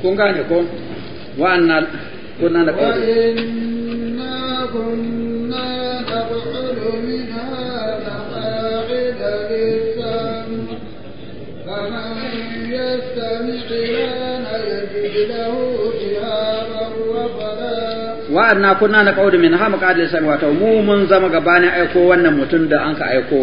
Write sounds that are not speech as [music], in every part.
kun gane ko wa'anna kunna na kawai wa'anna kunna na kawai min ha muqaddisan wato mu mun zama gabanin aiko wannan mutum da an ka aiko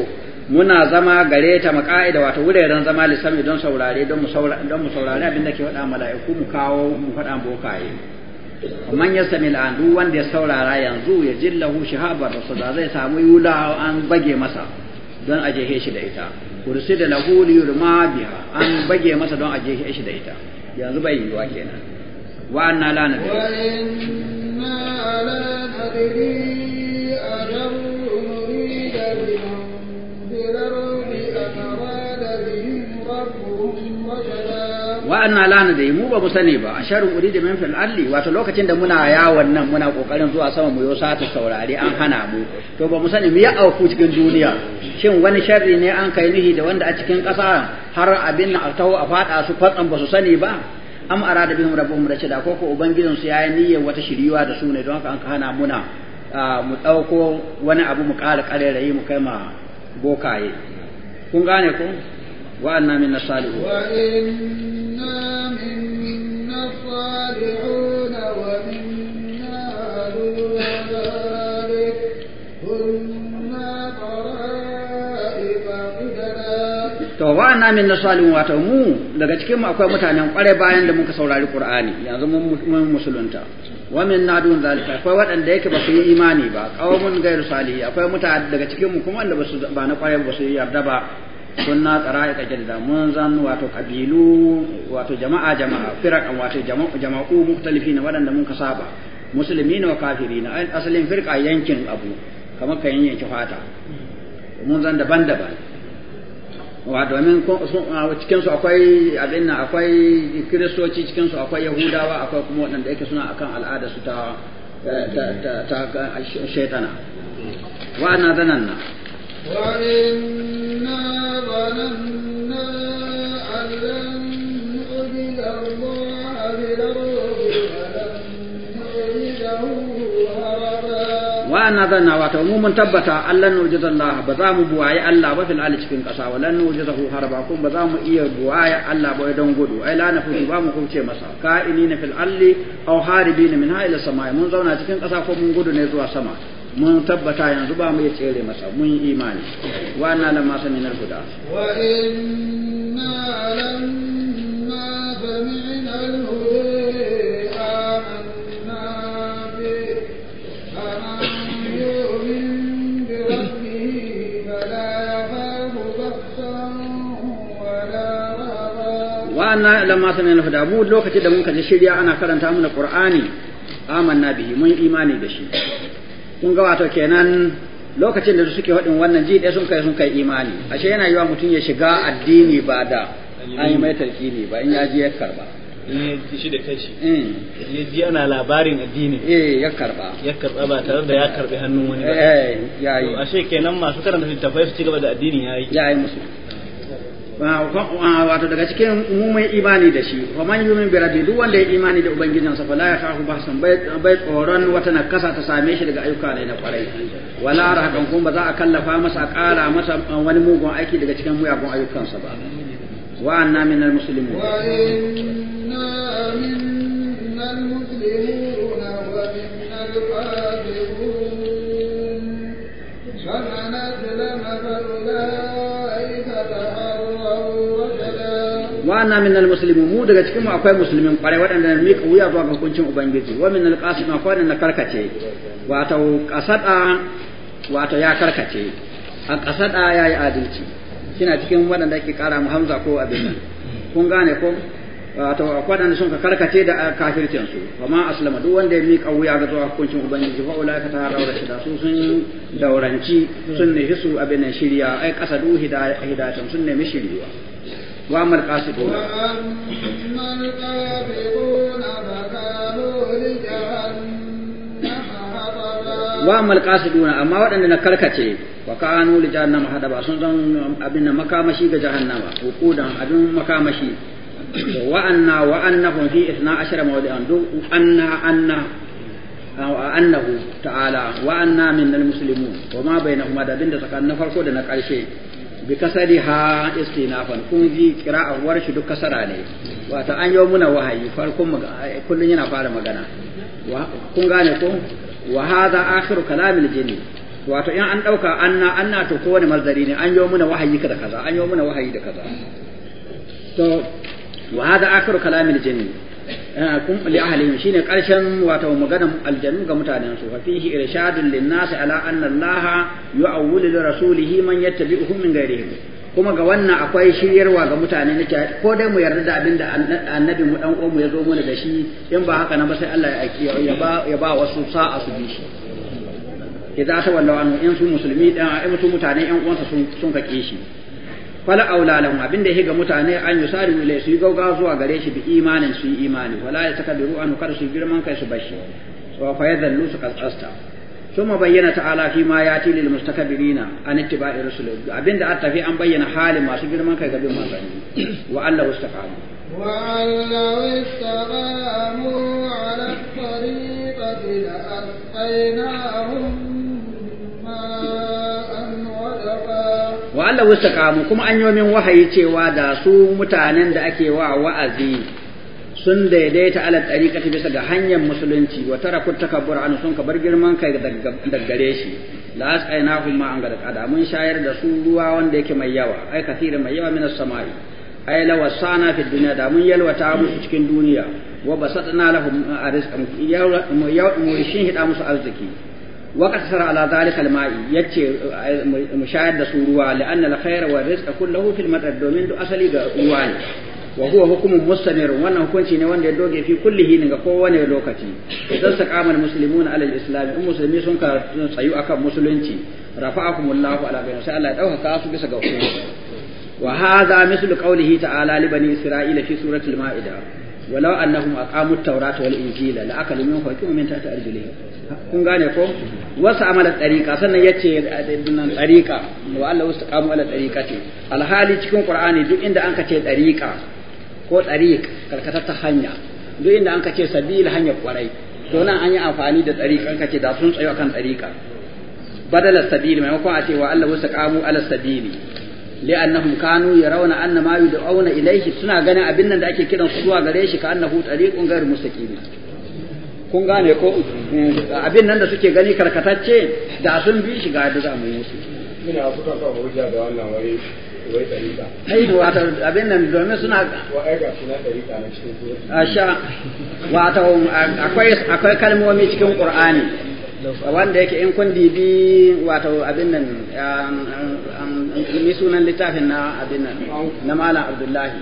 muna zama gare ta maka'ida wato wuraren zama lissami don saurare don mu saurare abin da ke faɗa mala'iku mu kawo mu faɗa bokaye man ya sami la'andu wanda ya saurara yanzu ya jillahu shahabar da zai samu yula an bage masa don a jehe shi da ita kursi da lahu liyurma biha an bage masa don a jehe shi da ita yanzu bai yiwuwa kenan wa anna la wa anna da yi mu ba mu sani ba sharin uri min fil alli wato lokacin da muna yawon nan muna kokarin zuwa sama mu yosa ta saurare an hana mu to ba mu sani mu ya auku cikin duniya shin wani sharri ne an kai nihi da wanda a cikin ƙasa har abin na taho a fada su kwatsan ba su sani ba am arada bihim rabbuhum rashida ko ko ubangijin su yayi niyyar wata shiriwa da su ne don haka an ka hana muna mu dauko wani abu mu ƙara ƙarerayi mu kai ma bokaye kun gane ko wa'anna min nasalihu to wa na min nasalin wato mu daga cikin mu akwai mutanen kware bayan da muka saurari qur'ani yanzu mun musulunta wa min nadun zalika akwai wadanda yake ba su yi imani ba qawmun ghairu salih akwai mutanen daga cikin mu kuma wanda ba su ba na kware ba su yarda ba ya tsake da mun zan wato kabilu wato jama'a jama'a firakan wato jama'u na waɗanda mun musulmi na wa na asalin firka yankin abu kamar kan yanke fata mun zan daban-daban wa domin cikin su akwai abin akwai kiristoci cikin su akwai yahudawa akwai kuma waɗanda yake suna akan al'ada su ta ta ta shaitana wa'ana ana zananna wa'annan na wato mu mun tabbata Allah ne wajen Allah ba za mu buwaye Allah ba fil ali cikin ƙasa wa lannu wajen zahu harba kun ba za mu iya buwaye Allah ba don gudu ai lana fudu ba mu kuce masa ka'ini na fil ali aw haribi min ha sama samai mun zauna cikin ƙasa ko mun gudu ne zuwa sama mun tabbata yanzu ba mu iya tsere masa mun yi imani wa nan lamma sami'na na guda. wa inna lamma sami'na na huda wa'anna lamma sami'na huda mu lokacin da mun kaje shirya ana karanta mana qur'ani amanna bihi mun imani da shi kun ga wato kenan lokacin da suke faɗin wannan ji ɗaya sun kai sun kai imani ashe yana yiwa mutum ya shiga addini ba da an yi mai tarkini ba in ya ji ya karba in ya shi da eh. in ya ji ana labarin addini eh ya karba ya karba ba tare da ya karbi hannun wani ba eh yayi ashe kenan masu karanta littafai su ci gaba da addini yayi yayi musu wato daga cikin mu imani da shi fa man yumin bi rabbi duk wanda ya imani da ubangijinsa fa la yakhafu bahsan bai tsoron wata nakasa ta same shi daga ayyuka ne na kwarai wala rahakan kun ba za a kallafa masa a kara masa wani mugun aiki daga cikin muyagun ayyukansa ba wa anna minal muslimin wa inna minal muslimin wa anna minal muslimin mu daga cikin mu akwai musulmin kwarai waɗanda ne ka wuya zuwa ga hukuncin ubangiji wa minal qasim akwai na karkace wato kasada wato ya karkace a kasada yayi adalci kina cikin waɗanda ke kara mu hamza ko abin nan kun gane ko wato waɗanda sun ka karkace da kafircin su amma aslama duk wanda ya miƙa wuya ga zuwa hukuncin ubangiji fa ka ta rawa shida su sun dauranci sun hisu abin nan shirya ai kasadu hidayatun sun nemi shiriwa وأما قاسب وأما القاسطون فكانوا لجهنم حطبا وأما القاسطون أما وأن نكركتي وكانوا لجهنم حطبا سنزم أبن مكامشي جهنم وقودا أبن مكامشي وأنا وأنهم في إثناء عشر موضعا أنا أنا annahu ta'ala تعالى anna من المسلمون وما بينهما bainahuma da binda tsakan na farko da bi kasari ha istinafan kun ji kira'an war shi duk kasara ne wato an yi muna wahayi farkon kullun yana fara magana kun gane ko wa hadha akhiru kalamil jinni wato in an dauka anna anna to ko wani mazari ne an yi muna wahayi da kaza an yi muna wahayi da kaza to wa hadha akhiru kalamil jinni kun li ahlihim shine karshen wato maganar aljannu ga mutanen su fa fihi irshadun lin nas ala anna Allah yu'awwilu li rasulihi man yattabi'uhum min ghayrihim kuma ga wannan akwai shiryarwa ga mutane na ko dai mu yarda da abin da annabi mu dan uwan mu ya zo mana da shi in ba haka na ba sai Allah ya ba ya ba wasu sa'a su bi shi wallahu in su musulmi dan mutane yan uwansa sun sun kake shi fala aulalan abinda yake ga mutane an yusari ilai su yi gaugawa zuwa gare shi bi imanin su yi imani wala ya saka biru an kar su girman kai su bashi so fa yadallu su kasasta ثم بين تعالى ma ya للمستكبرين عن اتباع الرسل ابين da tafi an bayyana halin masu girman kai ga bin manzanni wa Allah istaqamu wa Allah ala tariqati la wa Allah mu kuma an yi min wahayi cewa da su mutanen da ake wa wa'azi sun daidaita ala tariqati bisa ga hanyar musulunci wa taraku takabbur an sun kabar girman kai da gare shi la hum ma an da mun shayar da su ruwa wanda yake mai yawa ai kathira mai yawa as sama'i ai la wasana fi dunya da mun yalwata musu cikin duniya wa basatna lahum arzqan yawm yawm shin hida musu arziki وقصر على ذلك الماء يتي مشاهد سوروا لأن الخير والرزق كله في المطر دومين دو أصلي رواني وهو حكم مستمر وانا حكم شيء وان يدوج في كل حين كو لوكتي اذا استقام المسلمون على الاسلام المسلمين سن تسيو akan musulunci rafa'akum Allahu ala bayyana sai Allah ya dauka su bisa ga ku wa hadha mislu qawlihi ta'ala li bani isra'ila fi suratul ma'ida walau annahum aqamu at-taurata wal injila la akalu min fawqihim min tahti arjulihim kun gane ko wasu amala tariqa sannan yace dinnan tariqa wa Allah wastaqamu ala ce. alhali cikin qur'ani duk inda an kace tariqa ko tariq karkata ta hanya duk inda an kace sabil hanya kwarai to nan an yi amfani da tariqa an kace da sun tsayo kan tariqa badala sabil maimakon a ce wa Allah wastaqamu ala sabili لأنهم kanu يرون anna ما يدعون إليه suna ganin abin da ake kiran su zuwa gare shi ka kun gane ko abin nan da suke gani karkatacce da sun bi shi ga yadda za mu yi musu ina hujja da wannan wai wai tariqa ai wato abin nan domin suna wa ai ga suna na cikin sura asha wato akwai kalmomi cikin qur'ani wanda yake in kun dibi wato abin nan yi um, um, um, sunan littafin na abin nan na malam abdullahi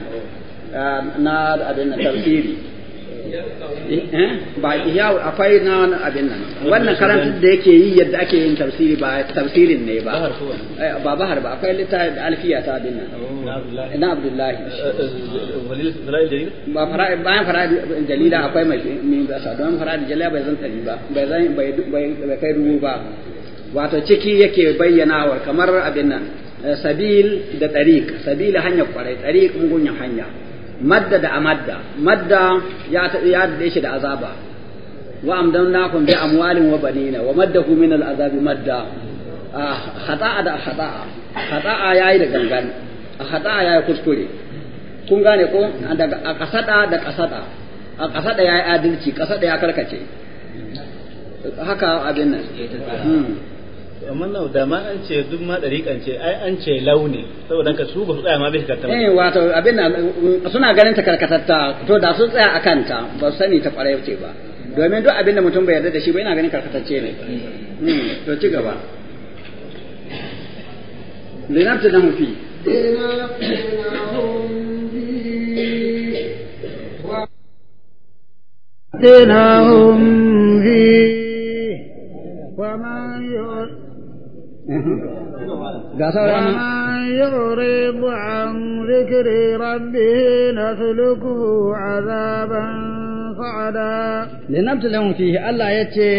na abin nan tafsiri Eh? ba ihya'u akwai na wani abin nan wannan karantar da yake yi yadda ake yin tafsiri ba tafsirin ne ba eh, ba bahar ba akwai littafi alfiya ta abin nan na abdullahi eh, ba fara'id bayan fara'id jalila akwai mai min basa don fara'id jalila bai zan tari ba bai zan bai kai rubu ba wato ciki yake bayyanawa kamar abin nan sabil da tariq sabil hanyar kwarai tariq mugun hanya madda da amadda madda ya ya dade shi da azaba wa amdannakum bi amwalin wa banina wa maddahu min al azabi madda ah, khata'a da khata'a khata'a yayi da gangan khata'a yayi kuskure kun gane ko daga a kasada da kasada a kasada yayi adalci kasada ya karkace haka abin nan hmm. amma nau da ma an ce duk ma ɗariƙan ce ai an ce launi saboda ka su ba su tsaya ma bai karkata eh wato abin suna ganin ta karkatatta to da su tsaya a kanta ba su sani ta ƙwarai ce ba domin duk abin da mutum bai yarda da shi ba yana ganin karkatacce ne hmm, to ci gaba linabta na hufi لنبتناهم فيه وما Mm-hmm. ga sauran yurib an zikri rabbih nasluku azaban sa'ada linabtalahum fihi Allah yace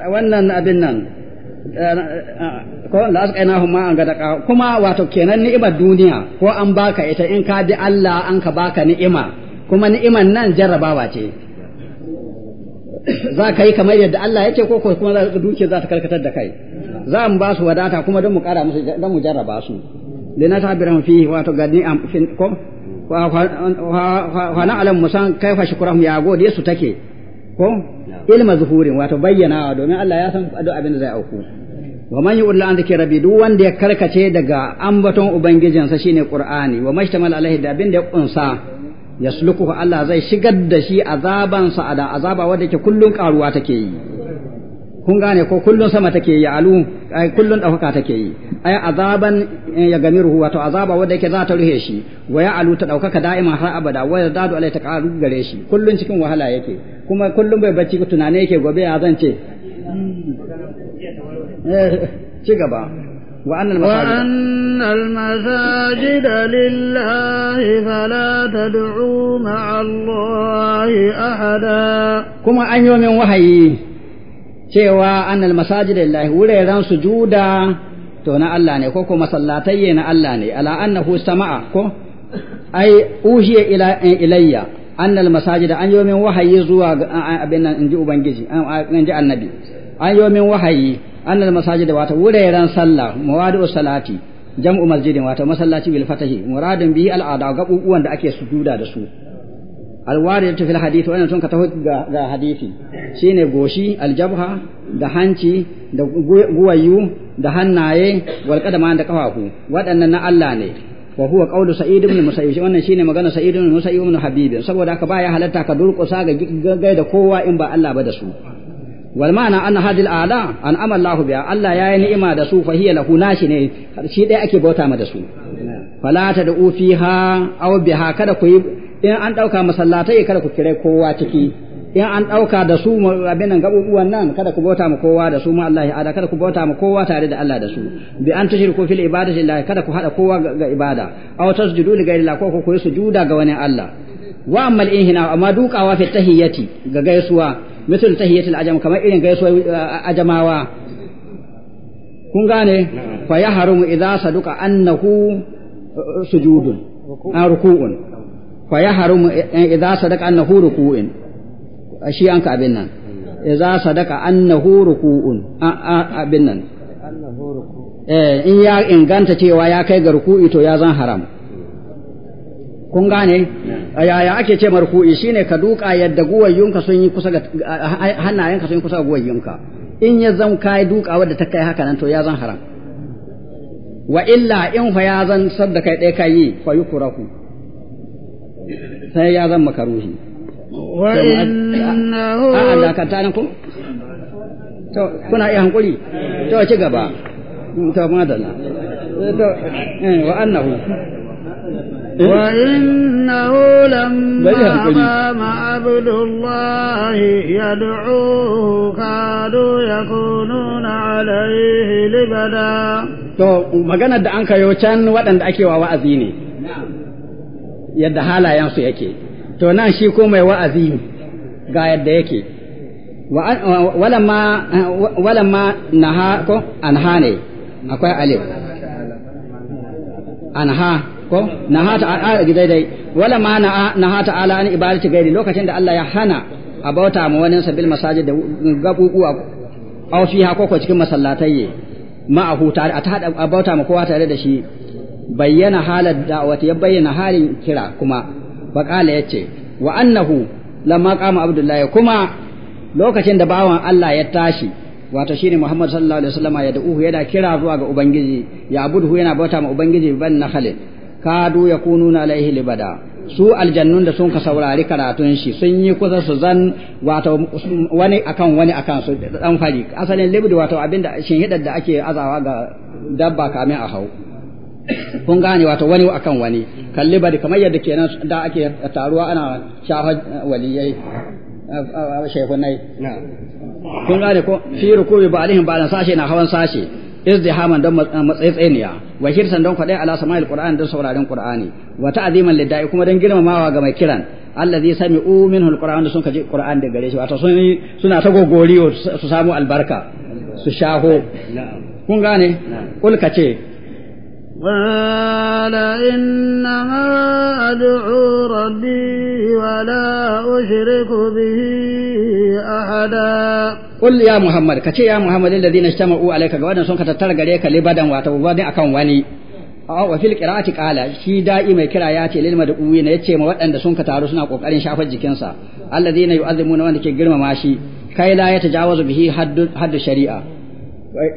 wannan abin nan eh, ko da aka yana huma an gadaka kuma wato kenan ni'imar duniya ko an baka ita in ka bi Allah an ka baka ni'ima kuma ni'imar nan jarrabawa ce za ka yi kamar yadda Allah yake ko kuma duke za ta karkatar da kai za mu ba su wadata kuma don mu kara musu don mu jarraba su lina sabiran fi wato gani am fin ko wa na alam musan kaifa shukrahum ya gode su take ko ilma zuhurin wato bayyanawa domin Allah ya san duk abin da zai auku wa man yu'la an zikra rabi duk wanda ya karkace daga ambaton ubangijinsa shine qur'ani wa mashtamal alaihi da abin da ya kunsa yaslukuhu Allah zai shigar da shi azabansa da azaba wanda ke kullun karuwa take yi kun gane ko kullun sama take yi alu ai kullun ɗaukaka take yi ai azaban eh, ya gamiru wato azaba wanda yake za ta ruhe shi wa ya alu ta ɗaukaka da'ima har abada wa ya zadu alai ta ƙaru gare shi kullun cikin wahala yake kuma kullun bai bacci tunane yake gobe ya zance hmm. eh, ci gaba وأن المساجد, وأن المساجد لله فلا تدعوا مع الله أحدا كما أن يوم وحيي cewa annal masajid lillahi wuraren sujuda to na Allah ne ko ko masallatai na Allah ne ala annahu sama'a ko ai uhiya ila eh, ilayya annal masajid an yomin wahayi zuwa abin nan inji ubangiji an inji annabi an yomin wahayi annal masajid wato wuraren sallah mawadu salati jam'u masjidin wato masallaci bil fatahi muradun bi al'ada gabubuwan da ake sujuda da su alwari ta hadisi wannan tun ka taho ga hadisi shine goshi aljabha da hanci da guwayu da hannaye wal qadama da kafafu waɗannan na Allah ne wa huwa qawlu sa'id ibn musayyib wannan shine magana sa'id ibn musayyib ibn habib saboda haka baya halatta ka durƙusa ga gaida kowa in ba Allah ba da su wal ma'ana anna hadhihi al'ala an'ama Allahu biha Allah yayi ni'ima da su fa hiya lahu nashi ne shi dai ake bauta ma da su fala tad'u fiha aw biha kada ku yi in an ɗauka masallatai kada ku kira kowa ciki in an ɗauka da su abin nan gabubuwan nan kada ku bauta ma kowa da su ma Allah ya kada ku bauta ma kowa tare da Allah da su bi an tushriku fil ibadati lillahi kada ku hada kowa ga ibada aw tasjudu li ghayri ko ku yi sujuda ga wani Allah wa amma inhina amma dukawa fi tahiyyati ga gaisuwa misal tahiyyatul ajam kamar irin gaisuwa uh, ajamawa kun gane fa ya haramu idza saduka annahu uh, sujudun ruku'un fa ya harumu idza sadaka annahu ruku'in shi an ka abin nan idza sadaka annahu ruku'un abin nan eh in ya inganta cewa ya kai ga ruku'i to ya zan haram kun gane ya ake ce marku'i shine ka duka yadda guwayyunka sun yi kusa ga hannayenka sun yi kusa ga guwayyunka in ya zan kai duka wadda ta kai haka nan to ya zan haram wa illa in fa ya zan sadaka kai ɗaya kai yi fa yukuraku sai ya zama karuhi. wa innahu a'a da ka tana ku to kuna iya hankuri to ci gaba to madalla eh, wa annahu وإنه لما عبد الله يدعوه كادوا يكونون عليه لبدا to maganar da an kayo can waɗanda ake wa wa'azi ne yadda halayensu yake to nan shi ko mai wa'azi ga yadda yake walamma walamma naha ko ha ne akwai alif ha ko naha ta daidai walamma naha ta'ala an ibadati gairi lokacin da Allah ya hana a bauta ma wani sabil masajid da gabubuwa au fiha ko cikin masallatai a tare a ta bauta ma kowa tare da shi bayyana halar da'awati ya bayyana halin kira kuma faqala yace wa annahu lamma qama abdullahi kuma lokacin da bawan Allah ya tashi wato shine Muhammad sallallahu alaihi wasallama ya da'uhu yana kira zuwa ga ubangiji ya abudu yana bauta ma ubangiji ban nakhalin kadu yakununa alaihi libada su aljannun da sun ka saurari karatun shi sun yi kusa su zan wato wani akan wani akan su dan fari asalin libdi wato abinda shin hidar da ake azawa ga dabba kamin a hau kun gane wato wani akan wani kalli bari kamar yadda kenan da ake taruwa ana shafa eh, waliyai eh, eh, shekunai kun gane ko fi rukubi ba alihin ba sashe na hawan sashe izdihaman don matsayitsayiniya wa hirsan don kwaɗai ala sama'il qur'an don sauraron qur'ani wa ta'ziman lidda'i kuma don girmamawa ga mai kiran allazi sami'u minhu alquran sun kaji qur'an da gare shi wato sun suna ta gogoriyo su samu albarka su shaho kun gane kul kace قال إنما أدعو ربي ولا أشرك به أحدا قل يا محمد كتي يا محمد الذين اجتمعوا عليك قوانا سنك تترق عليك لبدا واتوبادا أكون واني wa fil qira'ati qala shi daɗi mai kira ya ce lil mad'uwi ya ce ma waɗanda sun ka taru suna kokarin shafar jikinsa azumi na wanda ke girmama shi kai ya tajawazu bihi haddu shari'a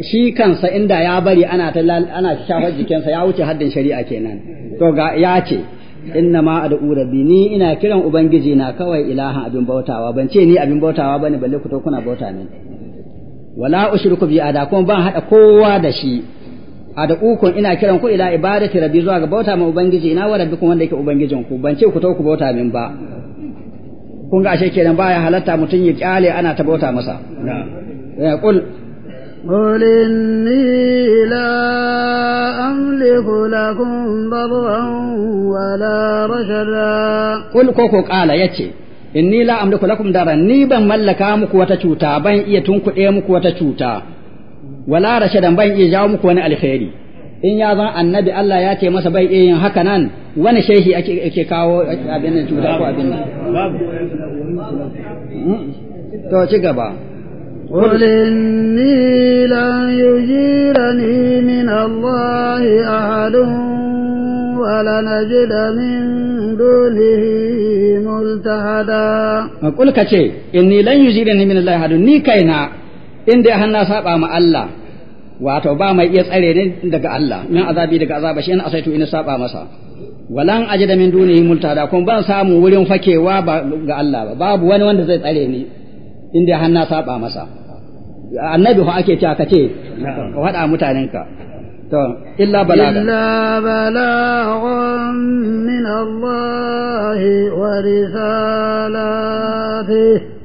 shi kansa inda ya bari ana ta ana shafar jikinsa ya wuce haddin shari'a kenan to ga ya ce inna ma ad'u rabbi ni ina kiran ubangiji na kawai ilahan abin bautawa ban ce ni abin bautawa bane balle ku to kuna bauta ne wala ushriku bi ada kuma ban hada kowa da shi ad'ukum ina kiran ku ila ibadati rabbi zuwa ga bauta ma ubangiji ina wa kuma wanda yake ubangijin ku ban ce ku to ku bauta min ba kun ga ashe kenan baya halatta mutun ya kyale ana ta bauta masa na'am eh, qul قل إني لا أملك لكم ضرا ولا رشدا قل كوكو قال يتي إني لا أملك لكم daran نيبا ملكا مكوة muku wata cuta ban iya tunkuɗe muku wata cuta wala rashadan ban iya jawo in ya zan annabi Allah ya ce masa bai iya yin haka nan wani shehi ake kawo abin nan cuta ko abin nan to ci gaba قل إني لن يجيرني من الله أحد ولنجد من دونه ملتحدا قل كتي إني لن يجيرني من الله أحد ني كينا إن دي أهنا سابع مع الله wato ba mai iya tsare ne daga Allah min azabi daga azaba shi in asaitu in saba masa walan ajida min dunihi multada kun ban samu wurin fakewa ba ga Allah ba babu wani wanda zai tsare ni inda har na saba masa annabi ko ake cewa kace ka faɗa mutanenka to illa balaga illa balaghun min Allah wa risalatihi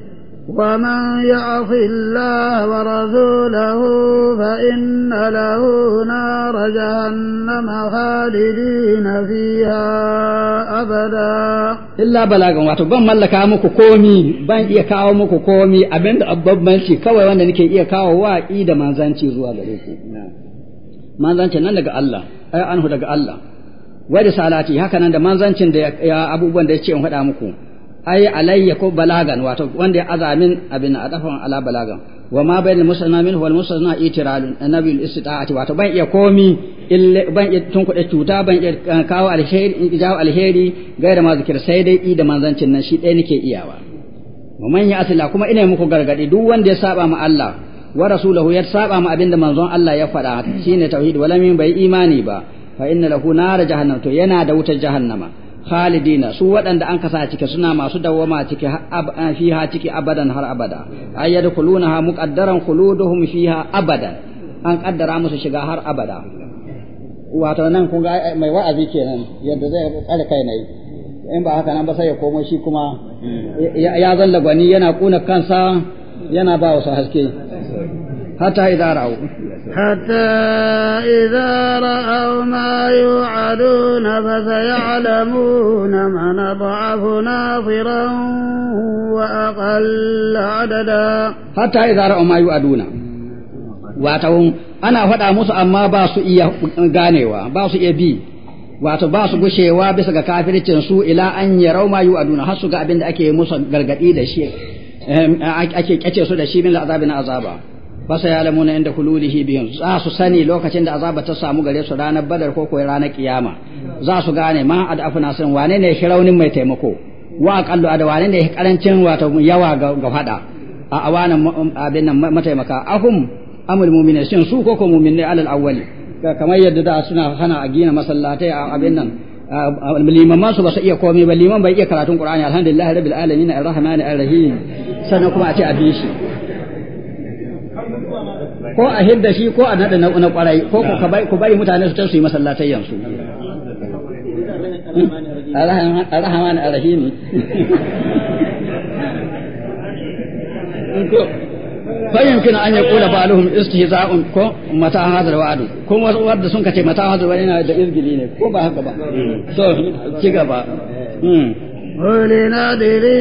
ومن يعص الله ورسوله فإن له نار جهنم خالدين فيها أبدا إلا بلاغا واتو بان ملكا muku komi ban iya kawo muku komi abinda abbanci kawai wanda nake iya kawo wa da manzanci zuwa gare ku manzancin nan daga Allah ai anhu daga Allah wa da salati haka nan da manzancin da abubuwan da yace in haɗa muku ay alayya ko balagan wato wanda ya azamin abin a adafan ala balagan wa ma bayan musanna min wal musanna itiralun annabi al istita'ati wato ban iya komi illa ban iya kuɗe cuta ban iya eh, kawo alheri jawo alheri gaira ma zikir sai dai i da manzancin nan shi ɗaya nake iyawa wa man ya asila kuma ina muku gargadi duk wanda ya saba ma Allah wa rasulahu ya saba ma abinda manzon Allah ya faɗa shine tauhid wala min bai imani ba fa inna lahu nar jahannam to yana da wutar jahannama khalidina su waɗanda an kasa a ciki suna masu dawwama ciki fiha ciki abadan har abada ay yadkhulunaha muqaddaran khuluduhum fiha abadan an kaddara musu shiga har abada wato nan kun ga mai wa'azi kenan yadda zai tsare kai nayi in ba haka nan ba sai ya komo shi kuma ya zalla gwani yana kuna kansa yana ba wasu haske حتى إذا رأوا حتى إذا رأوا ما يوعدون فسيعلمون من أضعف ناصرا وأقل عددا حتى إذا رأوا ما يوعدون واتهم أنا فدا musu amma ba su iya ganewa ba iya bi wato ba su bisa ga kafircin su ila an yarau ma yu'aduna har su ga abin da ake musu gargadi da ake kace da shi min azabin azaba basa ya lamuna inda kululihi biyun za su sani lokacin da azaba ta samu gare su ranar badar ko kuwa ranar kiyama za su gane ma adafu afuna sun wane ne shiraunin mai taimako wa kallo ada wane ne karancin wato yawa ga fada a awanan um, abin nan mataimaka ahum amul mu'minin shin su ko ko mu'minin alal awwali kamar yadda da suna hana a gina masallatai a abin nan liman su ba su iya komai ba liman bai iya karatun qur'ani alhamdulillahi rabbil alamin arrahmanir rahim sannan kuma a ce a bi shi ko a hidda shi ko a nada na na kwarai ko ku bari ku bari mutane su tasu yi masallatai yansu hmm? Ar-Rahman Ar-Rahim [laughs] fayyan kina an yaqula ba'aluhum istihza'un ko mata hadar wa'adu ko wanda sun kace mata hadar wa'adu yana da izgili ne ko ba haka ba to ci gaba قل نذري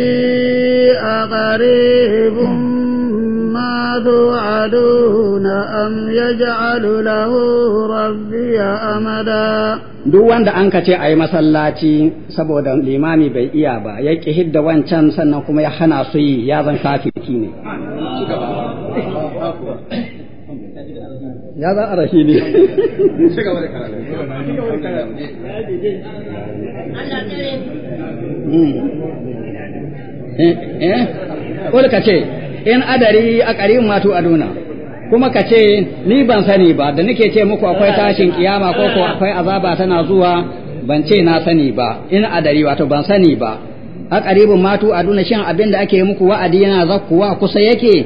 أقريب ما توعدون أم يجعل له ربي أمدا duk wanda an ka ce a yi masallaci saboda limami bai iya ba ya ƙi hidda wancan sannan kuma ya hana su yi ya zan kafirki ne ya za a ne hmm. eh, eh ce in adari a ƙarin mato aduna kuma ka ce ni ban sani ba da nake ce muku akwai tashin kiyama ko ko akwai azaba tana zuwa ban ce na sani ba in adari wato ban sani ba a ƙaribin matu aduna shin abin da ake muku wa'adi yana zakkuwa kusa yake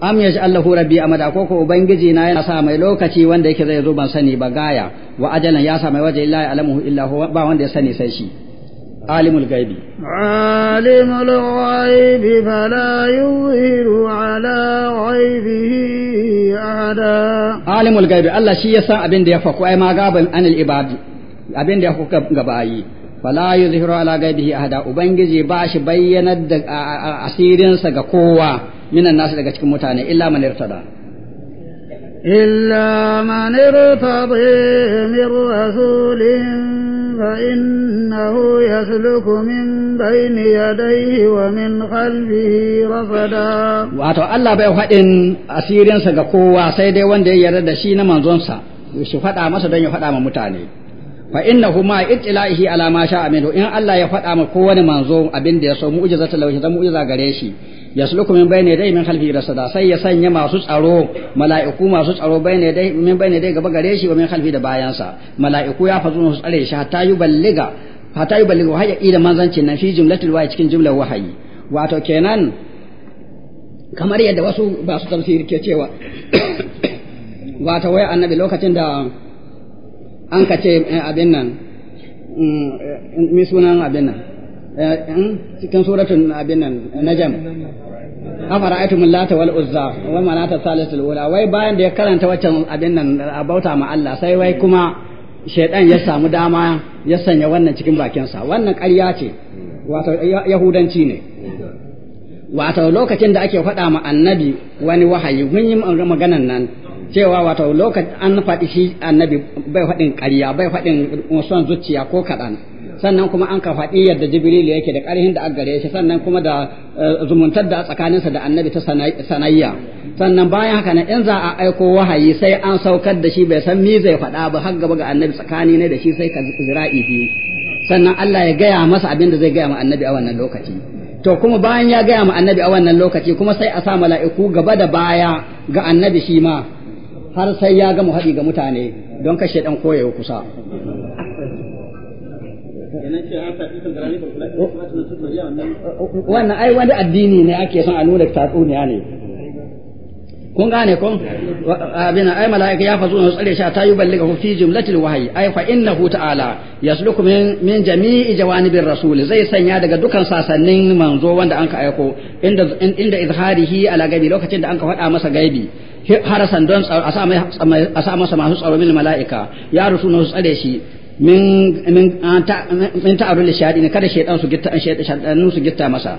am yaj'alahu rabbi amada ko ko ubangiji na yana sa mai lokaci wanda yake zai zo ban sani ba gaya wa ajalan ya sa mai waje illahi alamu illa ba wanda ya sani sai shi عالم الغيب عالم الغيب فلا يظهر على غيبه أحدا عالم الغيب الله شي يسا أبين دي فقو أي ما غاب عن العباد أبين دي فقو غبائي فلا يظهر على غيبه أحدا وبنجزي باش بينا أسيرين سغا قوة من الناس لغا تكون متاني إلا من ارتدى إلا من ارتضي من رسول فإنه يسلك من بين يديه ومن خلفه رصدا واتو الله بيو حدين أسيرين سغقوا سيدي وان دي يرد شين من منزونسا يسفتا مسدن يفتا متاني فإنه ما إطلاعه على ما شاء منه إن الله يفتا من منزون أبين دي سو مؤجزة لو شتا مؤجزة غريشي yasluku min bayne dai min khalfi rasada sai ya sanya masu tsaro mala'iku masu tsaro bayne dai min bayne dai gaba gare shi wa min khalfi da bayansa mala'iku ya fazu su tsare shi hatta yuballiga hatta yuballiga wahayi ila manzancin nan fi jumlatul wahyi cikin jumlar wahayi wato kenan kamar yadda wasu ba su tafsiri ke cewa [coughs] wato wai annabi lokacin da an kace eh, abin nan mm, eh, mi sunan abin nan cikin suratun abin nan najam afara'aytum lata wal uzza wa manata salisul ula wai bayan da ya karanta waccan abin nan bauta ma Allah sai wai kuma shaidan ya samu dama ya sanya wannan cikin bakinsa wannan ƙarya ce wato yahudanci ne wato lokacin da ake faɗa ma annabi wani wahayi mun yi maganan nan cewa wato lokacin an faɗi shi annabi bai faɗin karya bai faɗin son zuciya ko kaɗan sannan kuma an ka faɗi yadda jibril yake da ƙarhin da an gare shi sannan kuma da eh, zumuntar da tsakaninsa da annabi ta sanayya sannan bayan haka nan in za a aiko wahayi sai an saukar da shi bai san me zai faɗa ba har gaba ga annabi tsakani ne da shi sai ka zira'i biyu sannan Allah ya gaya masa abin da zai gaya ma annabi a wannan lokaci to kuma bayan ya gaya ma annabi a wannan lokaci kuma sai a sa mala'iku gaba da baya ga annabi shi ma har sai ya gama haɗi ga mutane don kashe ɗan koyewa kusa wannan ai wani addini ne ake son a nuna tatsuniya ne kun gane kun abin ai mala'ika ya fazo su tsare shi ta yi balliga fi jumlatil wahyi ai fa innahu ta'ala yasluku min min jami'i jawanibir rasul zai sanya daga dukan sasannin manzo wanda anka aiko inda inda izharihi ala gaibi lokacin da anka fada masa gaibi harasan don a sa masa masu tsaro min mala'ika ya rusu su tsare shi min min ah, min ta'arul ne kada shaydan su gitta shaydan su gitta masa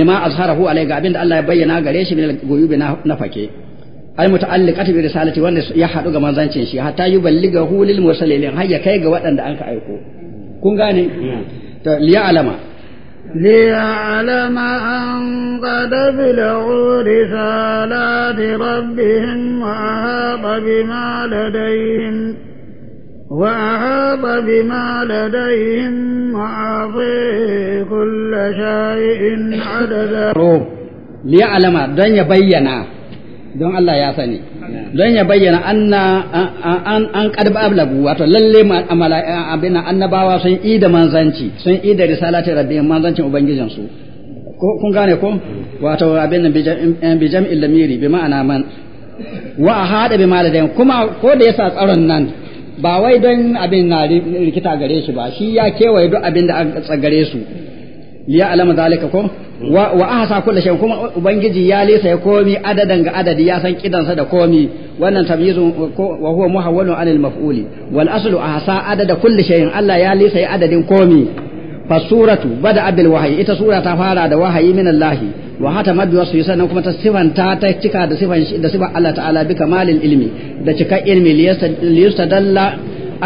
lima azharahu alai ga abinda Allah ya bayyana gare shi min guyubi na fake ai muta'alliqati bi risalati wanda ya hadu ga manzancin shi hatta yuballighahu lil mursalin hayya kai ga waɗanda an ka aiko kun gane to Liyalama alama ليعلم أن قد بلغوا رسالات ربهم وأحاط بما لديهم وأحاط بما لديهم وأعطي كل شيء عددا ليعلم دون يبين don Allah ya sani don ya bayyana anna an an kad ablagu wato lalle ma amala abin annabawa sun yi da manzanci sun yi da risalati rabbihim manzancin ubangijin su Ko kun gane ko wato abin bi jam'il lamiri bi ma'ana man wa ahada bi maladain kuma ko da yasa tsaron nan ba wai don abin na rikita gare shi ba shi ya kewaye duk abin da aka tsagare su liya alama zalika ko wa ahsa kullu shay kuma ubangiji ya lisa ya komi adadan ga adadi ya san kidansa da komi wannan tamyizun wa huwa muhawwalun anil maf'uli wal aslu ahsa adada kulli shay'in Allah ya lisa ya adadin komi fasuratu bada abil wahayi ita sura ta fara da wahayi min Allah wa hata mabbi wasu sannan kuma ta sifanta ta cika da sifan da sifan Allah ta'ala bi kamalil ilmi da cika ilmi liyastadalla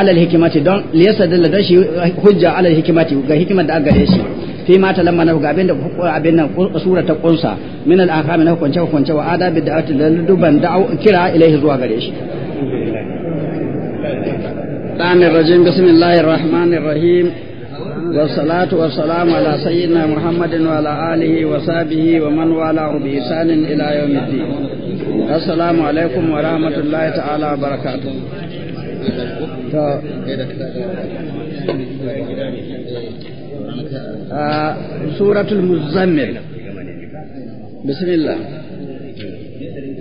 alal hikimati don liyastadalla don shi hujja alal hikimati ga hikimar da aka gare shi fi ma ta lamma ga abin da abin nan sura ta kunsa min al ahkam na hukunce hukunce wa adabi da ati duban da kira ilaihi zuwa gare shi الرحمن والصلاة والسلام على سيدنا محمد وعلى آله وصحبه ومن والاه بإحسان إلى يوم الدين السلام عليكم ورحمة الله تعالى وبركاته سورة المزمل بسم الله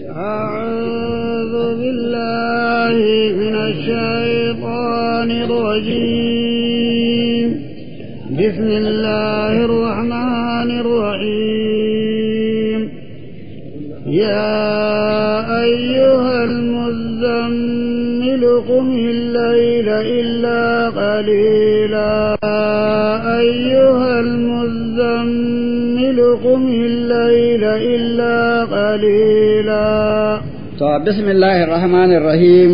أعوذ بالله من الشيطان الرجيم بسم الله الرحمن الرحيم يا أيها المزمل قم الليل إلا قليلا أيها المزمل قم الليل إلا قليلا بسم الله الرحمن الرحيم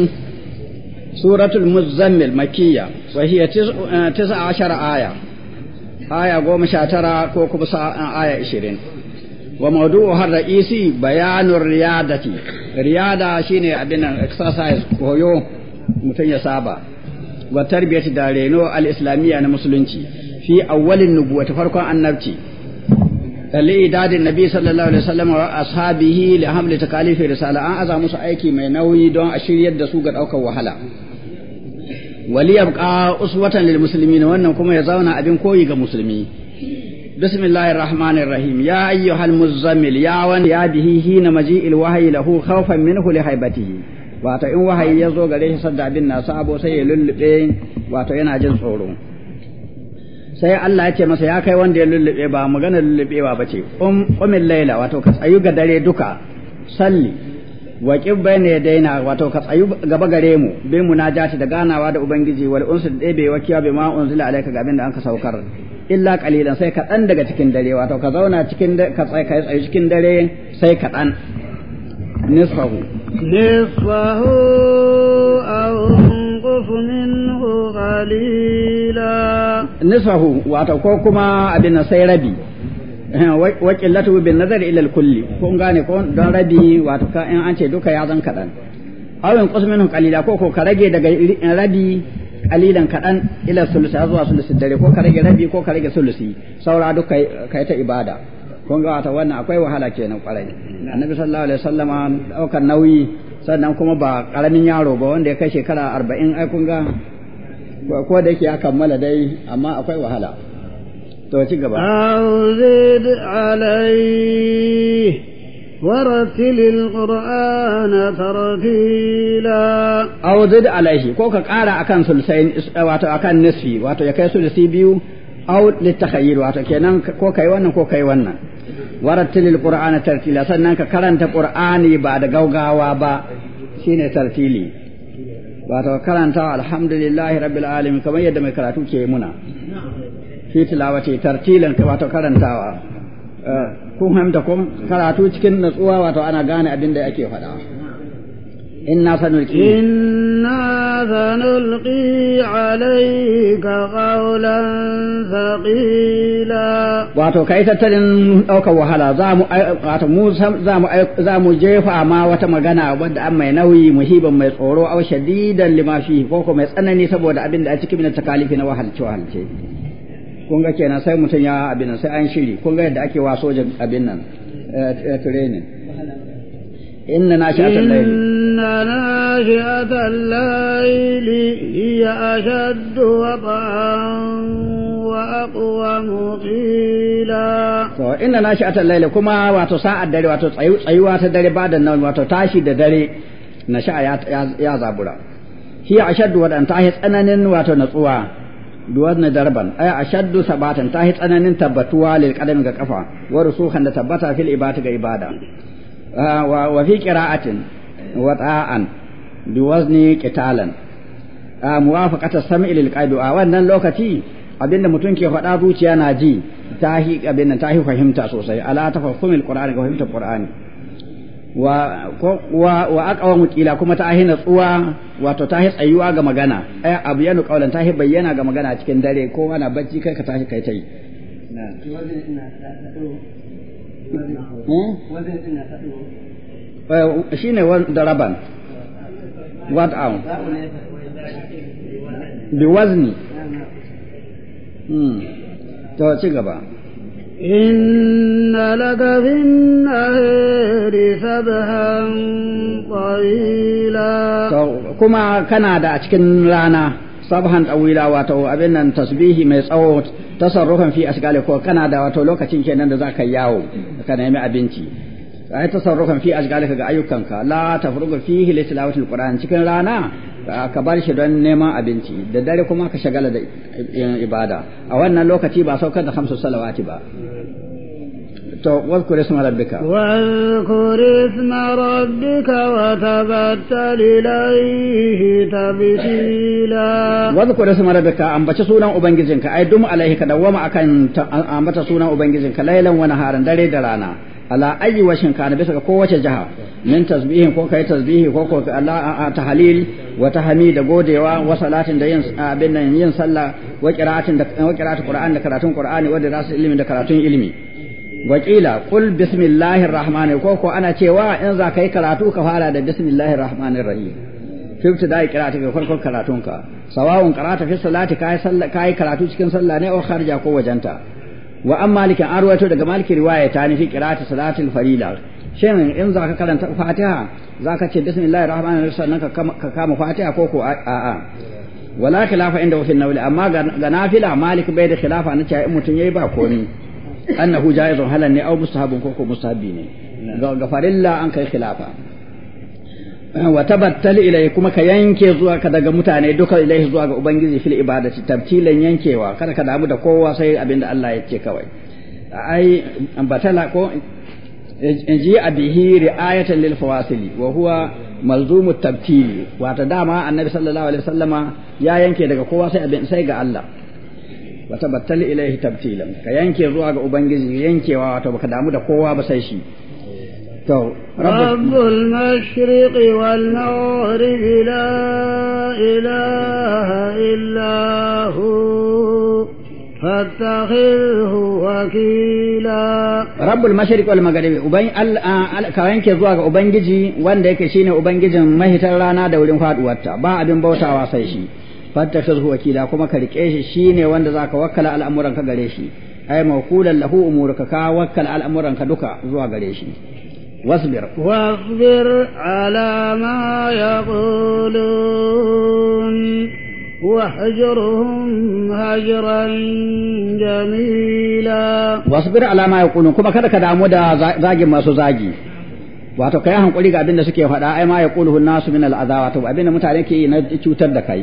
سورة المزمل مكية وهي تسع عشر آية aya goma sha tara ko kuma sa'an aya ishirin wa maudu a har da isi bayanin riyadati riyada shi ne exercise koyo mutum ya saba wa tarbiyyar da reno al’islamiyya na musulunci fi awalin nubu wata farkon annabci ɗalli idadin nabi sallallahu alaihi wasallam wa ashabihi da hamlita kalifin risala an azamusu aiki mai nauyi don a shirya da su ga ɗaukar wahala وليبقى أسوة للمسلمين وأنهم كما يزون أبن كوي كمسلمين بسم الله الرحمن الرحيم يا أيها المزمل يا ون يا به حين مجيء الوحي له خوفا منه لهيبته wato in wahayi ya zo gare shi sadda na sabo sai ya lullube wato yana jin tsoro sai Allah ya ce masa ya kai wanda ya lullube ba magana lullubewa ba ce um, qumil laila wato ka tsayu ga dare duka salli wa ne ya daina wato ka tsayu gaba gare mu bil munajati da ganawa da ubangiji wal unsu da bai wa bai ma unzila alayka ga abinda anka saukar illa qalilan sai ka dan daga cikin dare wato ka zauna cikin ka tsaya ka tsayu cikin dare sai ka dan nisfahu nisfahu aw unquf minhu qalila nisfahu wato ko kuma abin sai rabi Eh, wa qillatu bin nazar ila al kulli kun gane ko don rabi wato ka in an ce duka ya zan kadan awin qasminu qalila ko ko ka rage daga rabi qalilan kadan ila sulusi zuwa sulusi dare ko ka rage rabi ko ka rage sulusi saura duka kai ta ibada kun ga wata wannan akwai wahala kenan kwarai annabi sallallahu alaihi wasallama daukar nauyi sannan kuma ba karamin yaro ba wanda ya kai shekara 40 ai kun ga ko da yake ya kammala dai amma akwai wahala to ci gaba auzid alai ورتل القرآن ترتيلا أو زد عليه كوكا قارا أكان سلسين واتو أكان نصفي واتو يكاي سلسي بيو أو للتخيل واتو كينان كوكا يوانا كوكا يوانا ورتل القرآن ترتيلا سنن كرنت قرآني بعد غوغاوا با شيني ترتيلي واتو كرنتا الحمد لله رب العالمين كما يدمي كراتو كي منا fi tilawati tartilan wato karantawa eh, kun Hamta kun karatu cikin natsuwa wato ana gane abin da yake faɗa inna sanulqi inna sanulqi alayka qawlan thaqila wato kai tattalin daukar wahala za mu wato mu za mu za mu jefa ma wata magana wadda an mai nauyi muhiban mai tsoro au shadidan lima fi ko ko mai tsanani saboda abin da a cikin min takalifi na wahalce wahalce kun ga kenan sai mutum ya abin nan sai an shiri kun ga yadda ake waso soja abin nan eh, eh, training inna nashi'atal layli inna nashi'atal layli hiya ashaddu wata'an wa aqwamu qila to inna nashi'atal layli kuma wato sa'ar dare wato tsayuwa ta dare ba da nan wato tashi da dare nasha'a ya zabura hiya ashaddu wata'an ta tsananin wato natsuwa duwazna darban ay ashaddu sabatan ta tsananin tabbatuwa lil qadami ga kafa wa rusukhan da tabbata fil ibada ga ibada ah, wa fi qira'atin wa ta'an biwazni qitalan ah, muwafaqata sam'i lil qalbi a ah, wannan lokaci abinda mutum ke faɗa zuciya na ji tahi abin nan tahi fahimta sosai ala tafahumil qur'ani ga fahimtar qur'ani wa wa aqawamu qila kuma ta ahina tsuwa wato ta hi tsayuwa ga magana ay eh, abu yanu qaulan ta hi bayyana ga magana cikin dare ko ana bacci kai ka tashi kai tai eh, shi ne da raban what out bi wazni hmm. to ci gaba إن لك في النهار سبها طويلا كما كان دا أتكن sabhan ɗawila wato abin nan tasbihi mai tsawo tasarrufan fi asgali ko kana da wato lokacin kenan da za ka yawo ka nemi abinci ai tasarrufan fi asgali ga ayyukanka la tafrugu fihi li tilawatil qur'an cikin rana ka bar shi don neman abinci da dare kuma ka shagala da ibada a wannan lokaci ba saukar da hamsu salawati ba to wazkur isma rabbika wazkur isma rabbika wa tabattal ilayhi tabtila isma rabbika ambaci sunan ubangijinka ai dum alaihi ka dawwama akan ambata sunan ubangijinka lailan wani naharan dare da rana ala ayi washin kana bisa ga kowace jiha min tasbihin ko kai tasbihi ko ko Allah tahlil wa tahmid da godewa wa salatin da yin abin nan yin sallah wa qira'atin da wa qira'atul qur'an da karatun qur'ani wa darasul ilmi da karatun ilmi Wakila qila qul bismillahir rahmanir ko ko ana cewa in za ka yi karatu ka fara da bismillahir rahmanir rahim fi ibtida'i qira'atika ga farkon karatunka sawa'un qara'ata fi salati kai sallah kai karatu cikin sallah ne ko kharija ko wajenta wa an maliki an ruwaito daga maliki riwaya ta nufi kirata salatul farila shin in za karanta fatiha za ce bismillahir rahmanir rahim sannan ka kama fatiha ko ko a'a wala khilafa inda wafin nawli amma ga nafila malik bai da khilafa na cewa in mutum yayi ba komi annahu jaizun halan ne aw mustahabun ko ko mustahabi ne ga farilla an kai khilafa Ah, wa tabattali ilai kuma ka yanke zuwa ka daga mutane duka ilai zuwa ga ubangiji fil ibadati tabtilan yankewa kada ka damu da kowa sai abinda Allah ya ce kawai ai batala ko ji abihi ri'ayatan lil fawasili wa huwa malzumu tabtili wato dama annabi sallallahu alaihi wasallama ya yanke daga kowa sai abin sai ga Allah wa tabattali ilaihi tabtilan ka yanke zuwa ga ubangiji yankewa wato ka damu da kowa ba sai shi تو رب المشرق والمغرب لا إله إلا هو فاتخذه وكيلا رب المشرق والمغرب أبين كوين كزواج أبين جي وان ديك شين أبين جي مهتر لنا دولين فاد واتا با أبين بوتا واسيشي فاتخذه وكيلا كما كريكيش شين وان ذاك وكل الأمور كغريشي أي موكولا له أمورك كا وكل الأمور كدوكا زواج غريشي واصبر واصبر على ما يقولون واحجرهم هجرا جميلا واصبر على ما يقولون كما كذا كذا مودا زاجي ما سو زاجي wato kai hankuri ga abin da suke faɗa ai ma ya kulu nasu min al'aza wato abin da mutane ke na cutar da kai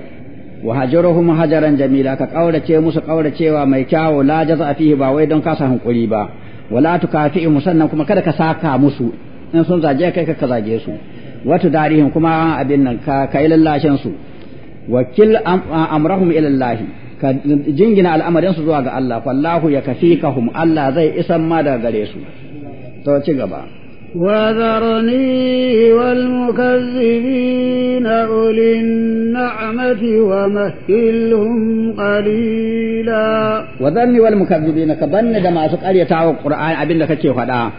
wa hajaruhum hajaran jamila ka kaurace musu kauracewa mai kyawo la jaza fihi ba wai don kasa hankuri ba wala tukafi sannan kuma kada ka saka musu in sun zage kai ka zage su wata darihim kuma abin nan ka kai lallashin su wakil amrahum ila Allah ka jingina al'amarin su zuwa ga Allah wallahu yakfikahum Allah zai isan ma daga gare su to ci gaba وذرني والمكذبين أولي النعمة ومهلهم قليلا وذرني والمكذبين كبن دما سقال يتعو القرآن أبن لك كيف هذا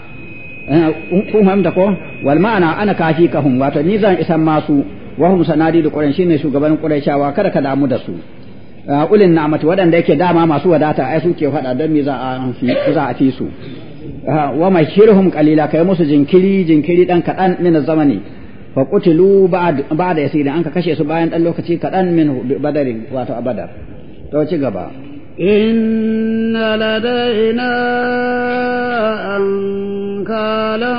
kun fahimta ko wal ana kafi kahum wato ni zan isan masu wahum sanadi da ƙuran shine shugaban ƙurayshawa kada ka damu da su ulin na'amati waɗanda yake dama masu wadata ai suke faɗa don me za a fi su wa mashirhum qalila kai musu jinkiri jinkiri dan kadan min zamani fa qutilu ba'd ba'da yasir an ka kashe su bayan dan lokaci kadan min badarin wato abadar to ci gaba إن لدينا أنكالا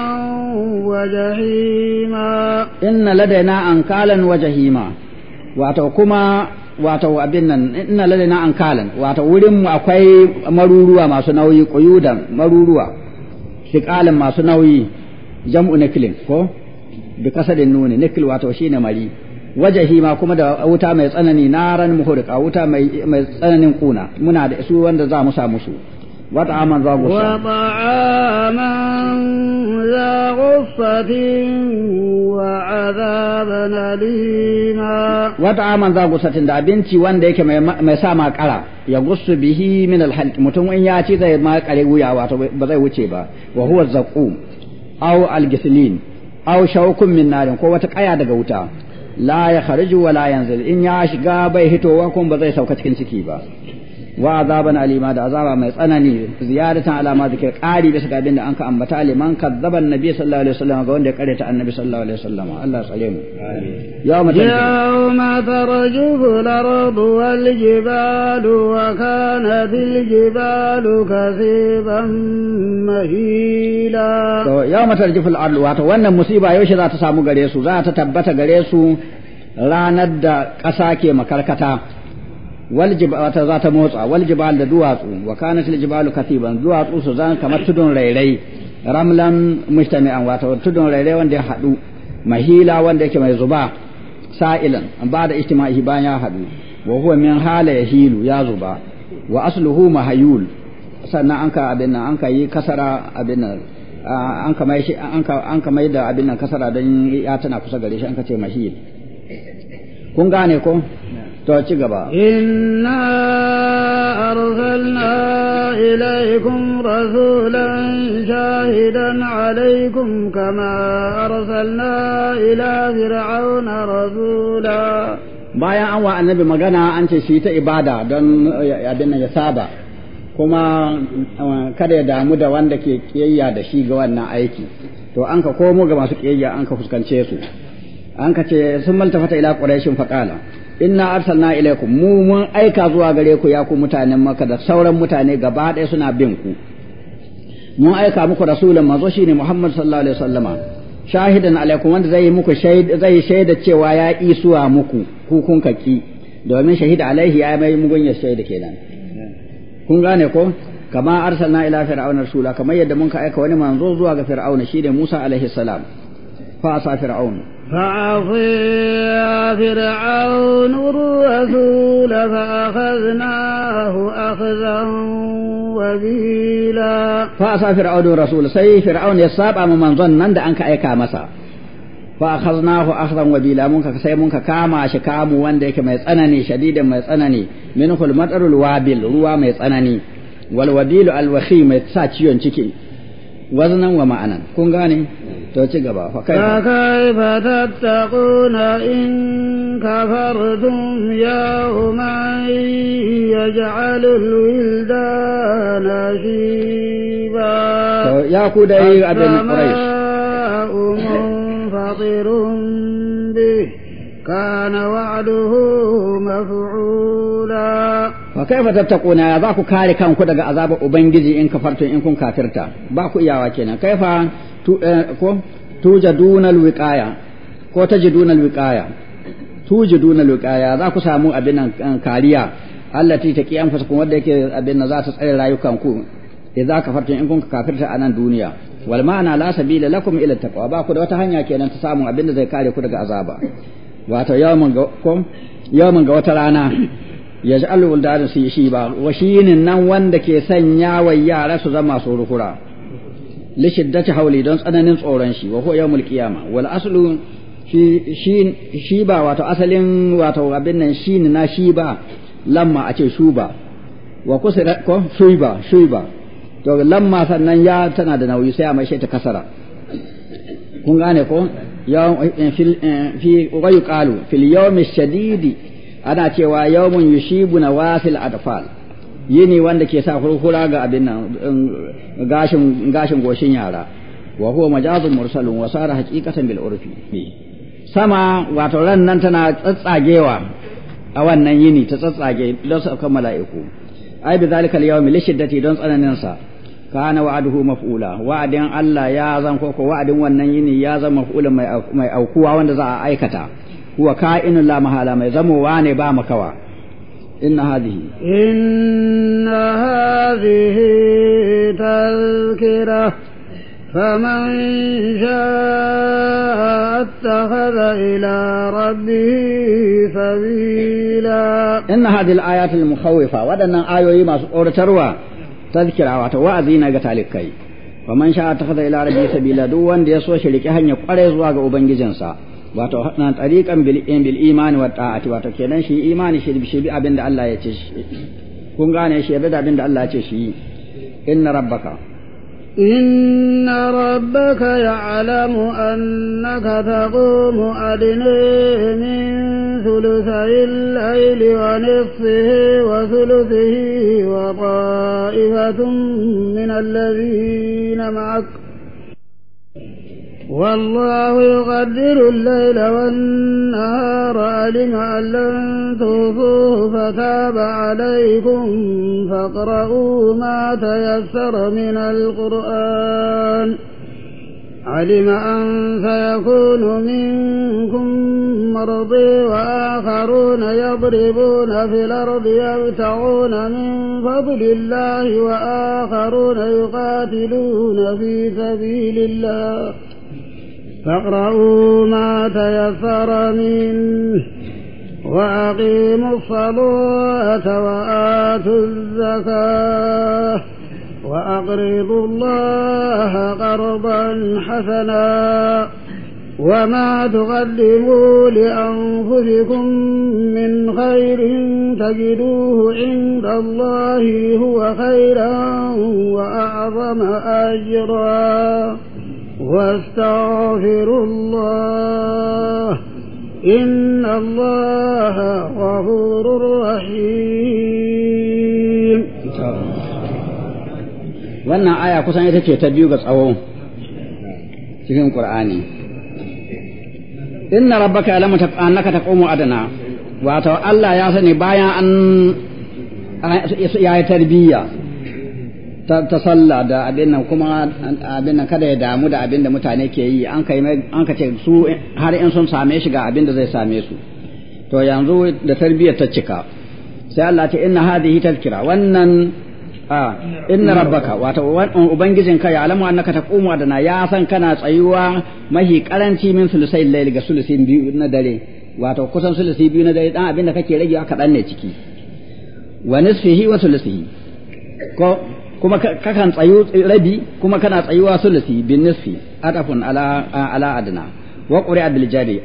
وجحيما إن لدينا أنكالا وجحيما wato kuma wato abin nan ina lalina ankalan. kalan wurin mu akwai maruruwa masu nauyi ƙuyudan maruruwa tiqalan masu nauyi jam'u nikilin ko bi kasadin nuni nikil wato shine mari wajahi ma kuma da wuta mai tsanani naran muhurqa wuta mai mai tsananin kuna muna da su wanda za mu sa musu wata ta'aman za gusa wa ta'aman za gufatin wa azaban alim wata aman za gusatin da abinci wanda yake mai sa makara ya gusu bihi min alhalq mutum in ya ci zai makare wuya wato ba zai wuce ba wa huwa zaqum aw algislin aw shawkun min narin ko wata kaya daga wuta la ya kharaju wa la yanzil in ya shiga bai hitowa kuma ba zai sauka cikin ciki ba wa azaban alima da azaba mai tsanani ziyaratan alama zikir kari bisa ga da an ka ambata aliman kadzaba annabi sallallahu alaihi wasallam ga wanda ya kareta annabi sallallahu alaihi wasallam Allah tsare mu yawma yawma tarjuhu al-ardu wal jibalu wa kanat al-jibalu kasiban mahila to yawma tarjuhu al-ardu wato wannan musiba yaushe za ta samu gare su za ta tabbata gare su ranar da ƙasa ke makarkata waljibal zata za ta motsa waljibal da duwatsu wa kanat aljibalu katiban duwatsu su zan kamar tudun rairai ramlan mujtami'an wato tudun rairai wanda ya hadu mahila wanda yake mai zuba sa'ilan ba da ijtima'i bayan ya hadu wa huwa min hala yahilu ya zuba wa asluhu mahayul sannan an ka abin nan an ka yi kasara abin nan an ka mai an ka an ka mai da abin nan kasara don ya tana kusa gare shi an ka ce mahil kun gane ko تو ci gaba inna ارسلنا اليكم رسولا shahidan عليكم kama ارسلنا الى فرعون rasula bayan an wa annabi magana an ce shi ta ibada don abin ya saba kuma uh, kada ya damu da wanda ke kiyayya da shi ga wannan aiki to an ka komo ga masu kiyayya an ka fuskance su an ka ce sun maltafata ila quraishin faqala inna arsalna ilaikum mu mun aika zuwa gare ku ya ku mutanen maka da sauran mutane gaba ɗaya suna bin ku mun aika muku rasulun manzo shine muhammad sallallahu alaihi wasallama shahidan alaikum wanda zai muku zai shaida cewa ya isuwa muku ku kun kaki domin shahida alaihi ya mai mugun ya shaida kenan kun gane ko kama arsalna ila fir'auna rasula kamar yadda mun ka aika wani manzo zuwa ga fir'auna shine musa alaihi salam fa asa fir'auna فعصي فرعون الرسول فأخذناه أخذا وبيلا فعصى فرعون الرسول سي فرعون يصاب من ظن أن أنك أيكا مسا فأخذناه أخذا وبيلا منك سي منك كاما شكام وانديك ما يسأنني شديدا ما يسأنني منه المطر الوابل روا ما يسأنني والوبيل الوخيم يتساتيون شكي wazanan wa ma'anan kun gane to ci gaba fa kai fa kai fa tattaquna in kafartum ya umay yaj'alu al nasiba to ya ku dai abin quraish umum fatirum bi kana wa'duhu maf'ul kaifa tattaquna ya za ku kare kanku daga azabar ubangiji in ka farto in kun kafirta ba ku iyawa kenan kaifa tu eh, ko tujaduna alwiqaya ko tajiduna alwiqaya tujiduna alwiqaya za ku samu abin eh, kariya an taqi kuma wanda yake abin za ta tsare rayukanku idza kafartun in kun kafirta anan duniya wal ma'ana la sabila lakum ila taqwa ba ku da wata hanya kenan ta samu abin da zai kare ku daga azaba wato yawmun ga yawmun ga wata rana ya ji alul da su shi ba wa shinin nan wanda ke sanya wa yara su zama su rukura li shiddati hauli don tsananin tsoron shi wa huwa yawmul qiyama wal aslu shi shi ba wato asalin wato abin nan shi na shi ba lamma a ce shuba wa kusira ko shuba shuba to lamma sannan ya tana da nauyi sai a mai ta kasara kun gane ko ya eh, eh, fi fi qalu fil yawmi shadidi ana cewa yawmun yushibu na wasil adfal yini wanda ke sa kurkura ga abin nan gashin gashin goshin yara wa huwa majazun mursalun wa sara haqiqatan bil urfi sama wato ran nan tana tsatsagewa a wannan yini ta tsatsage don su kan mala'iku ai bi zalika al-yawmi li shiddati don tsananin sa kana wa'aduhu maf'ula wa'adin Allah ya zan koko wa'adin wannan yini ya zama ula mai aukuwa wanda za a aikata huwa ka'inun la mahala mai zamowa ne ba makawa inna hadhihi inna hadhihi tazkira فمن شاء اتخذ إلى ربه سبيلا إن هذه الآيات المخوفة ودنا آيوي ما أورتروا تذكر واتو وأذينا قتالك فمن شاء اتخذ إلى ربه سبيلا دون دي سوى شريك أهن يقرز واقع أبنجزنسا wato na tariqan bil eh, bil wa ta'ati wato kenan shi imani shi shi bi abinda Allah ya ce shi kun gane shi da abinda Allah ya ce shi inna rabbaka إن ربك يعلم أنك تقوم أدنيه من ثلثي الليل ونصفه وثلثه وطائفة من الذين معك والله يقدر الليل والنهار علم أن لن تهفوه فتاب عليكم فاقرؤوا ما تيسر من القرآن علم أن سيكون منكم مرضي وآخرون يضربون في الأرض يبتغون من فضل الله وآخرون يقاتلون في سبيل الله فاقرؤوا ما تيسر منه وأقيموا الصلاة وآتوا الزكاة وأقرضوا الله قرضا حسنا وما تقدموا لأنفسكم من خير تجدوه عند الله هو خيرا وأعظم أجرا واستغفروا الله إن الله غفور رحيم wannan aya kusan ita ce ta biyu ga tsawo cikin Qur'ani inna rabbaka alamu annaka taqumu adana wato Allah ya sani bayan an ya yi tarbiyya ta sallah da abin nan kuma abin nan kada ya damu da abin da mutane ke yi an kai an ka ce su har in sun same shi ga abin da zai same su to yanzu da tarbiyyar ta cika sai Allah ta inna hadhihi tazkira wannan a inna rabbaka wato ubangijin ka ya alamu annaka taqumu adana ya san kana tsayuwa mahi karanci min sulusai layl ga sulusin biyu na dare wato kusan sulusi biyu na dare dan abin da kake rage aka danne ciki wa nisfihi wa sulusihi ko kuma kakan tsayu rabi kuma kana tsayuwa sulusi bin nisfi adafun ala ala adna wa quri'a bil jari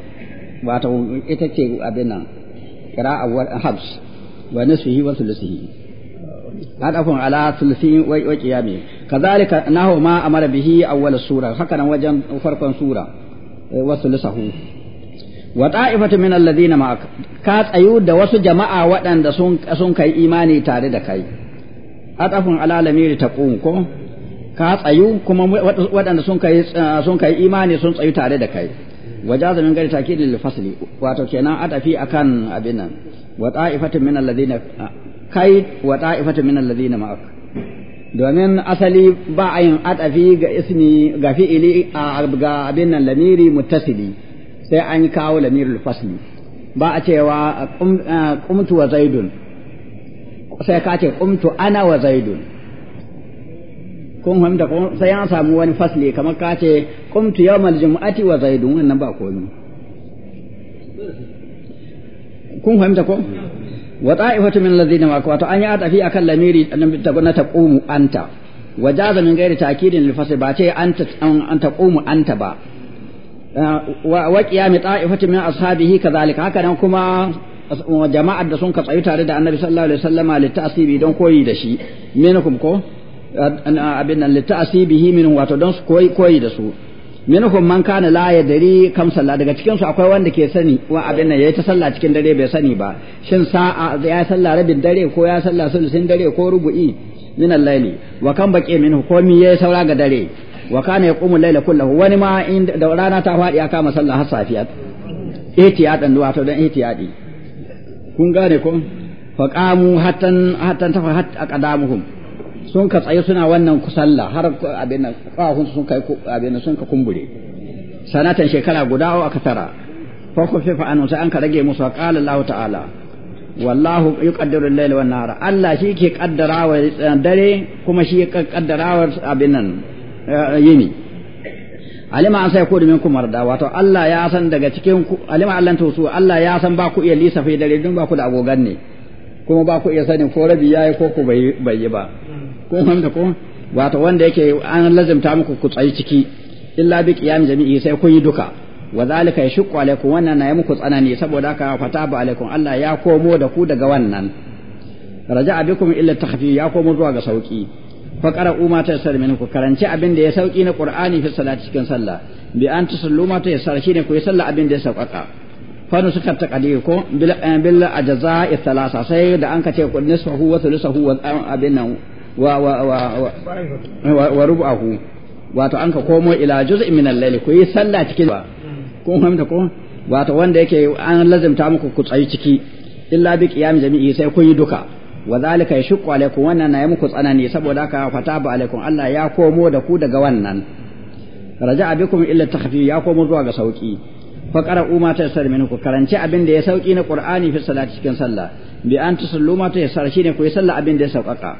wato ita ce abin nan qira'a wa habs wa nisfihi wa sulusihi adafun ala sulusi wa wa qiyami kadhalika nahu ma amara bihi awwal sura haka nan wajen farkon sura eh, wa sulusahu wa ta'ifatu min alladhina ma'ak ka tsayu da wasu jama'a waɗanda sun sun kai imani tare da kai aqafun ala lamiri taqum ko ka tsayu kuma waɗanda sun kai uh, sun kai imani sun tsayu tare da kai wajaza min gari takidin lil fasli wato kenan atafi akan abin nan wa ta'ifatin min alladhina uh, kai wa ta'ifatin min alladhina ma'ak domin asali ba a yin atafi ga ismi ga fi'ili ga abin nan lamiri muttasili sai an kawo lamirul fasli ba a cewa uh, qumtu wa zaidun sai ka ce qumtu ana wa zaidun kun fahimta ko sai an samu wani fasli kamar ka ce qumtu yawmal jumu'ati wa zaidun wannan ba komai kun fahimta ko wa ta'ifatu min alladhina ma wato an yi atafi akan lamiri ta na taqumu anta wajaza jaza min ghairi ta'kidin lil fasl ba ce anta an taqumu anta ba uh, wa qiyam ta'ifatu min ashabihi kadhalika haka nan kuma jama'ar da sun ka tare da annabi sallallahu alaihi wasallama litasibi don koyi da shi minkum ko abin nan litta'sibihi min wato don su koyi koyi da su minhum man kana la yadri kam sallah daga cikin su akwai wanda ke sani wa abin nan yayi ta sallah cikin dare bai sani ba shin sa'a ya sallah rabin dare ko ya sallah sulusin dare ko rubu'i min al-layli wa kan baqi min ko mi yayi saura ga dare wa kana yaqumu al-layla kullahu wani ma in da rana ta fadi ya kama sallah har safiya ihtiyadan wato dan ihtiyadi kun gane ko faqamu hatan hatan tafa hat aqdamuhum sun ka tsaye suna wannan kusalla har abin kafafun sun kai abin sun ka kumbure sanatan shekara guda wa aka tara fa khufifa an sai an ka rage musu qala Allah ta'ala wallahu yuqaddiru al-layla wan nahara Allah shi ke kaddarawa dare kuma shi ke kaddarawa abin nan eh, yini alima an sai kudu minkum marda wato Allah ya san daga cikin ku alima Allah ta su Allah ya san ba ku iya lissafi dare dun ba ku da agogan ne kuma ba ku iya sanin ko rabi yayi ko ku bai yi ba ko da ko wato wanda yake an lazimta muku ku tsayi ciki illa bi qiyam jami'i sai kun yi duka wa zalika yashqu alaikum wannan na yi muku tsanani saboda haka fataba alaikum Allah ya komo da ku daga wannan raja'a bikum illa takhfi ya komo zuwa ga sauki fa qara'u ma tayassara min ku karanci abin da ya sauki na qur'ani fi salati cikin sallah bi an ta ma tayassara shine ku yi sallah abin da ya sauƙaƙa fa nusuka taqdir ko bil eh, bil ajza'i thalatha sai da an ka ce ku nisfahu wa thuluthahu wa eh, abin nan wa wa wa wa rubahu wato an ka komo ila juz'in min al-layl ku yi sallah cikin kun fahimta ko wato wanda yake an lazimta muku ku tsayi ciki illa bi qiyam jami'i sai kun yi duka wa zalika yashqu alaikum wannan na yi muku tsanani saboda haka fataba alaikum Allah ya komo da ku daga wannan raja'a bikum illa takhfi ya komo zuwa ga sauki fa qara'u ma tayassara minhu karanci abin da ya sauki na qur'ani fi salati cikin sallah bi an tusallu ma tayassara shine ku yi sallah abin da ya saukaka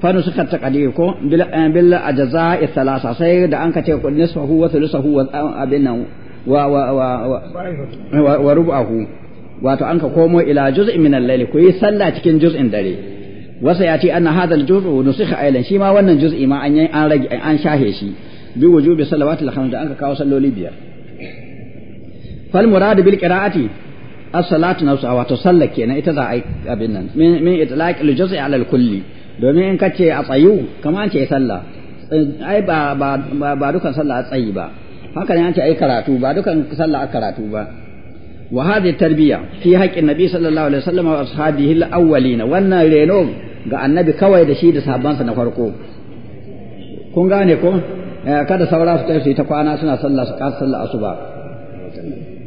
fa nusukha taqdir ko bil bil ajza'i thalatha sai da an kace ku nisfahu wa thuluthahu wa abin nan wa wa wa wa rubu'ahu wato an ka komo ila juz'in min al-layl ku yi sallah cikin juz'in dare wasa ya ce anna hadha al-juz'u nusikha aylan shi ma wannan juz'i ma an an rage an shahe shi bi wujubi salawatil khams da an ka kawo salloli biyar fal murad bil qira'ati as-salatu nafsa wato sallah kenan ita za a yi abin nan min min itlaq al-juz'i ala al-kulli domin in kace a tsayu kamar an ce sallah ai ba ba ba dukan sallah a tsayi ba haka ne an ce ai karatu ba dukan sallah a karatu ba وهذه التربية في حق النبي صلى الله عليه وسلم وأصحابه الأولين وأن رينو ga annabi kawai da shi da sabansa na farko kun gane ko kada saura su su ta kwana suna sallah su kasa sallah asuba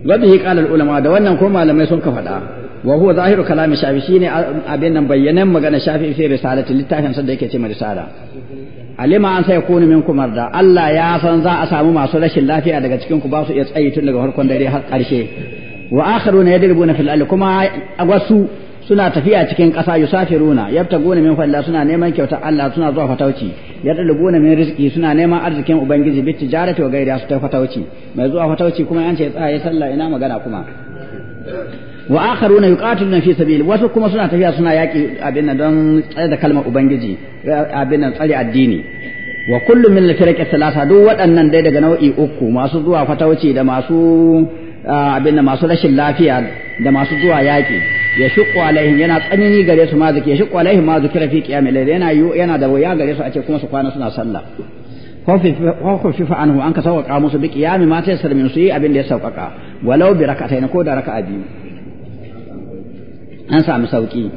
wadda yi kalar ulama da wannan ko malamai sun ka faɗa wa huwa zahiru kalami shafi ne abin nan bayyanan magana shafi fi risalati littafin sa da yake ce risala alima an sai kunu min kumar da Allah ya san za a samu masu rashin lafiya daga cikinku ku ba su iya tsayi tun daga farkon dare har karshe. wa akharuna yadribuna fil ardi kuma wasu suna tafiya cikin ƙasa yusafiruna yabtaguna min fadla suna neman kyautar Allah suna zuwa fatauci yadribuna min rizqi suna neman arzikin ubangiji bi tijarati wa gairiya su ta fatauci mai zuwa fatauci kuma an ce tsaya sallah ina magana kuma wa akharuna yuqatiluna fi sabil wasu kuma suna tafiya suna yaki abin da don tsare da kalmar ubangiji abin nan tsare addini wa kullu min al-firqi thalatha duk waɗannan dai daga nau'i uku masu zuwa fatauci da masu Ah, abin masu rashin lafiya da masu zuwa yaƙi ya shiqu alaihim yana tsanani gare su ma zuke ya shiqu alaihim ma zuke rafi qiyamil yana yana da waya gare su a ce kuma su kwana suna sallah ko fi an hu an ka sauƙaƙa musu bi qiyami ma ta yasar su yi abin da ya sauƙaƙa walau bi rak'atayn ko da a biyu an sami sauƙi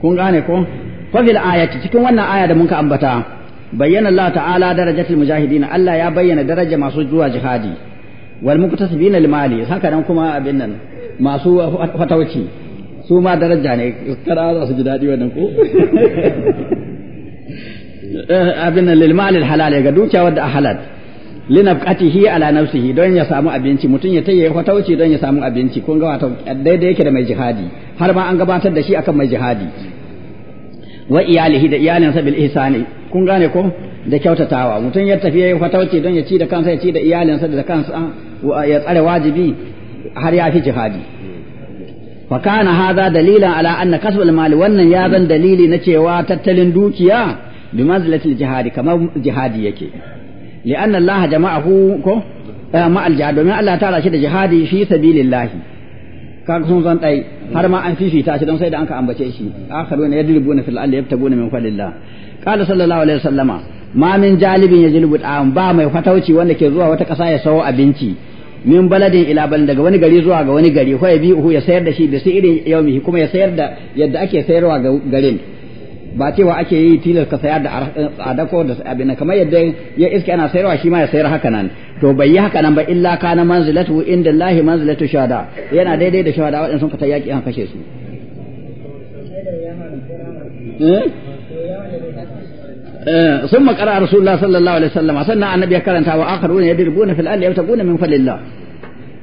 kun gane ko ko ayati cikin wannan aya da ka ambata bayyana Allah ta'ala darajatul mujahidin Allah ya bayyana daraja masu zuwa jihadi wal muktasibina lil mali haka nan kuma abin nan masu fatawci su ma daraja ne kada za su ji dadi wannan ko eh, abin nan lil mali halal ga dukiya wadda a halal linafqatihi ala nafsihi don ya samu abinci mutum ya taye fatawci don ya samu abinci kun ga wato daidai yake da mai jihadi har ma an gabatar da shi akan mai jihadi wa iyalihi da iyalinsa bil ihsani kun gane ko da kyautatawa mutum ya tafi yayi fatauci don ya ci da kansa ya ci da iyalinsa da kansa ya tsare wajibi har ya fi jihadi fa kana hadha dalilan ala anna kasbul mali wannan ya zan dalili na cewa tattalin dukiya bi manzilatil jihadi kamar jihadi yake li'anna Allah jama'ahu ko eh, ma al domin Allah ta rashi da jihadi fi sabilillahi ka sun zan dai har ma an fifita shi don sai da an ka ambace shi akharu ne yadribuna fil ardi yabtaguna min fadlillah qala sallallahu alaihi wasallama ma min jalibin jilbu ta'am ba mai fatauci wanda ke zuwa wata ƙasa ya sawo abinci min baladin ila baladin daga wani gari zuwa ga wani gari ko ya bi uhu ya sayar da shi da su irin yaumihi kuma ya sayar da yadda ake sayarwa ga garin ba cewa ake yi tilas ka sayar da adako da abin kamar yadda ya iska ana sayarwa shi ma ya sayar haka nan to bai yi haka nan ba illa kana manzilatu inda Allah manzilatu shada yana daidai da shada waɗanda sun ka yaki an kashe su eh? ثم قرأ رسول الله صلى الله عليه وسلم صنع النبي كرنتا وآخرون يضربون في الأرض يبتغون من فضل الله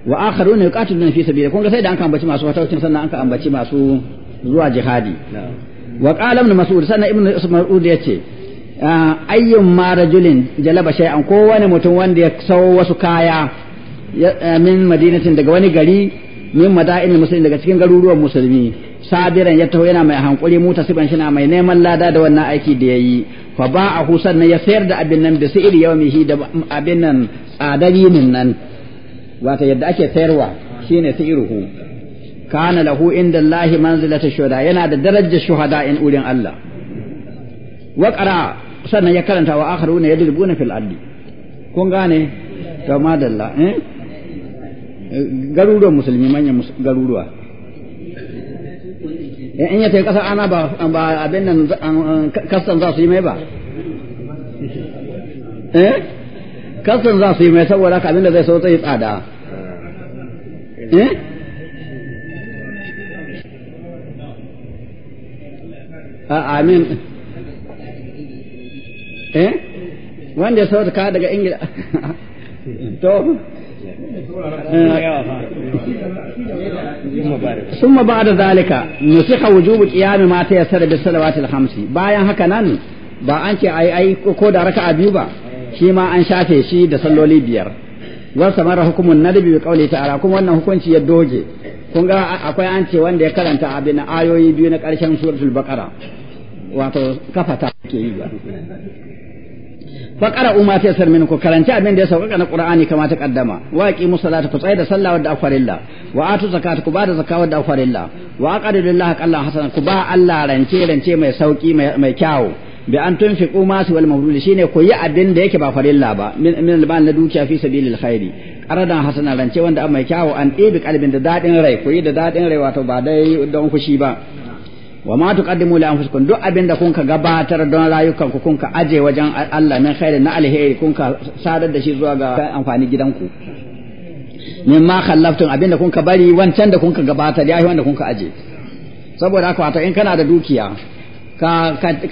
وآخرون يقاتلون في سبيله كون سيدا أنك أنبتي ماسو وتوتين سنة أنك أنبتي ماسو زوا جهادي وقال ابن مسعود سنة ابن مسعود يتي أيما رجل جلب شيئا كون متون وند يكسو وسكايا من مدينة دغواني غري من مدائن المسلمين daga cikin garuruwan musulmi sabiran ya taho yana mai hankuri muta siban shi na mai neman lada da wannan aiki da yayi fa ba'ahu sannan ya sayar da abin nan da si'ir yawmihi da abin nan adalinin nan Wata yadda ake sayarwa shine si'iruhu kana lahu inda Allah manzilata shuhada yana da darajar shuhada in urin Allah wa qara sannan ya karanta wa akharuna yadribuna fil ardi kun gane to madalla eh garuruwan musulmi manyan garuruwa Eh, in ya kasar ana ba abin nan kasan za su yi mai ba eh kasan za su yi mai saboda ka abin da zai so zai tsada eh amin eh wanda ya ka daga ingila [laughs] to ba da ثم بعد ذلك نسخ وجوب قيام ما تيسر بالصلوات الخمس bayan haka nan ba an ce ai ai ko da a biyu ba shi ma an shafe shi da salloli biyar wa samara hukumun nadbi bi qawli ta'ala kuma wannan hukunci ya doge kun akwai an ce wanda ya karanta abin ayoyi biyu na karshen suratul bakara wato kafata ke yi ba faqara umma fi asar minku karanci abin da ya sauka na qur'ani kama ta kaddama wa aqimu salata ku tsaya da sallah wadda afarilla wa atu zakata ku ba da zakata wadda afarilla wa aqadu lillahi qallan hasana ku ba Allah rance rance mai sauki mai kyawu bi an tunfiqu ma su wal mawlud shine ku yi abin da yake ba farilla ba min alban na dukiya fi sabilil khairi aradan hasana rance wanda mai kyawu an ɗebi kalbin da dadin rai ku yi da dadin rai wato ba dai don fushi ba wa ma tuqaddimu li anfusikum duk abinda kun ka gabatar don rayukan ku kun ka aje wajen Allah min khairin na alheri kun ka sadar da shi zuwa ga amfani gidanku ma khallaftum abinda kun ka bari wancan da kun ka gabatar yayi wanda kun ka aje saboda haka wato in kana da dukiya ka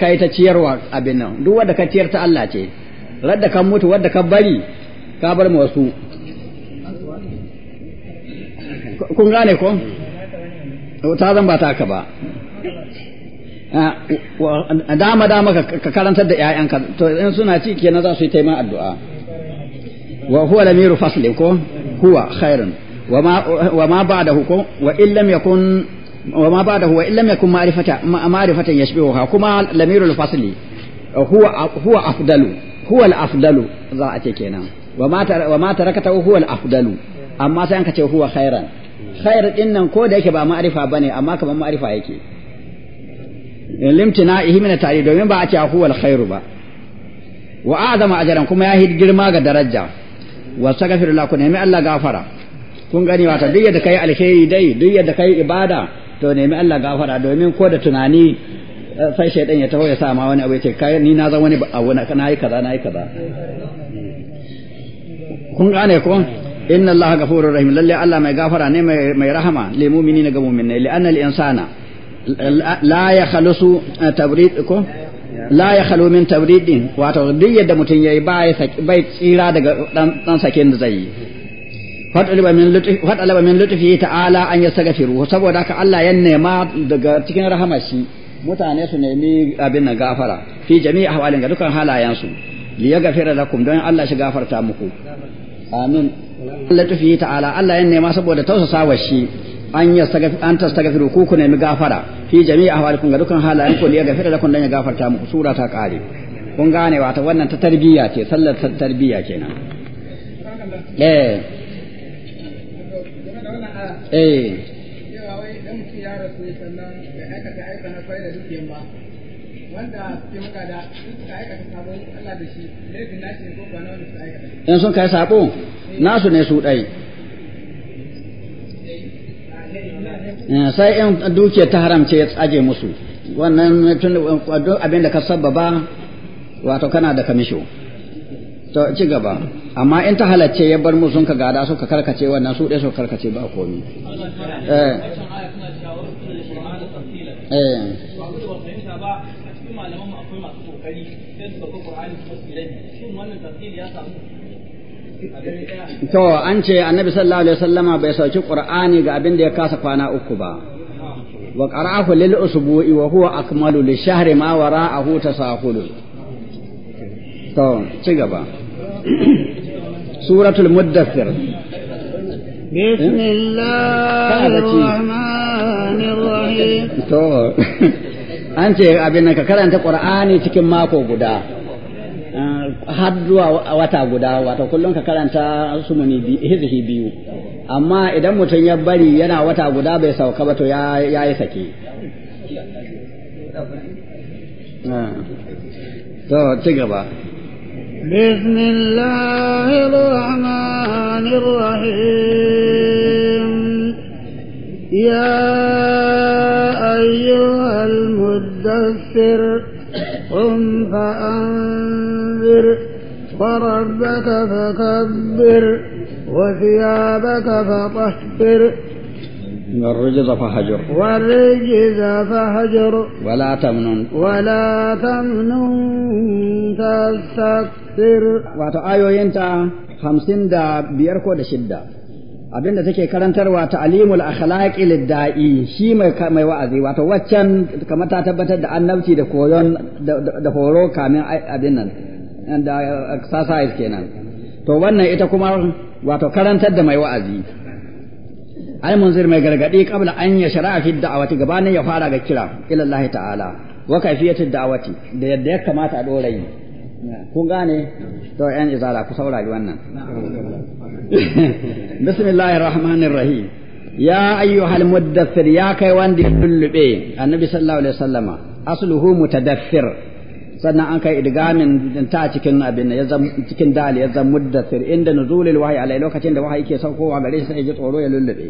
ka yi ta ciyarwa abin nan duk wanda ka ciyar ta Allah ce radda kan mutu wanda ka bari ka bar ma wasu kun gane ko ta zan ba ta ka ba Ah, dama dama ka karantar da ƴaƴanka to in suna ci kenan za su yi taima addu'a wa huwa lamiru faslin ko huwa khairun wa ma ba'dahu ko wa in yakun wa ma ba'dahu wa in lam yakun ma'rifata ma'rifatan yashbihuha kuma lamiru fasli huwa huwa afdalu huwa al-afdalu za a ce kenan wa ma wa ma tarakata huwa al-afdalu amma sai an ka ce huwa khairan khair din nan ko da yake ba ma'rifa bane amma kaman ma'rifa yake limtina ihimina tari domin ba a ce huwal alkhairu ba wa azama ajaran kuma ya girma ga daraja wa sakafir la kun nemi Allah gafara kun gani wata duk yadda kai alheri dai duk yadda kai ibada to nemi Allah gafara domin ko da tunani eh, sai shaydan ya taho ya sa ma wani abu yace kai ni na zan wani abu na kana yi kaza na yi kaza kun gane ko inna Allah ghafurur rahim lalle Allah mai gafara ne mai rahama lil mu'minina ga mu'minai li anna al insana لا يخلص khalusu tabrid ko la ya min tabridin wato duk yadda mutum yayi ba bai tsira daga dan dan sakin من لطف yi fadalaba min lutfi fadalaba min lutfi ta'ala an yastaghfiru saboda haka Allah ya nema daga cikin rahamar mutane su nemi abin na gafara fi jami'i ahwalin ga dukkan halayensu li yaghfira lakum don Allah shi gafarta muku amin lutfi ta'ala Allah ya nema saboda tausasawa shi an yastaghfir an tastaghfiru ku ku nemi gafara fi jami'a ahwalikum ga dukkan halayen ku ya gafara kun dan ya gafarta muku sura ta kare kun gane wata wannan ta tarbiyya ce sallar ta tarbiyya kenan eh eh in sun kai sako nasu ne su ɗai Eh, sai yan duke ta haramce ya tsage musu wannan tun abin da ka sababa wato kana da kamisho to ci gaba amma in ta halacce ya bar musu ka gada suka karkace wannan su dai suka karkace ba komi eh eh to an ce annabi sallallahu alaihi wasallama bai sauki qur'ani ga abin da ya kasa kwana uku ba wa qara'ahu lil usbu'i wa huwa akmalu li shahri ma wara'ahu tasahulu to ci gaba [coughs] suratul muddathir بسم الله الرحمن to [laughs] an ce abin nan ka karanta qur'ani cikin mako guda har zuwa wata guda wato kullum ka karanta sumuni hizihi biyu amma idan mutum ya bari yana wata guda bai sauka ba to ya yi sake ah. to ci gaba بسم الله الرحمن الرحيم يا أيها المدثر قم فأنذر وربك فكبر وثيابك فطهر والرجز فهجر والرجز فهجر ولا تمنن ولا تمنن تستكثر وتآيو ينتا خمسين دا بيركو دا شدة Abin da take karantarwa ta'limul akhlaqi lidda'i shi mai mai wa'azi wato waccan kamar ta tabbatar da annabci da koyon da horo kamin abin nan da uh, exercise kenan to wannan ita kuma wato karantar da mai wa'azi ai munzir mai gargadi qabla an yashra fi da'awati gabanin ya fara ga kira ila Allah ta'ala wa kayfiyatu da'awati da yadda ya kamata a dora yi kun gane to yan izara ku saurari wannan [laughs] bismillahir rahmanir rahim ya ayyuhal muddathir ya kai wanda ya lullube annabi sallallahu alaihi wasallama asluhu mutadaffir sannan an kai idgamin ta cikin abin ya zam cikin dal ya zam muddathir inda nuzulil wahyi alai lokacin da wahayi ke saukowa gare shi sai ji tsoro ya lullube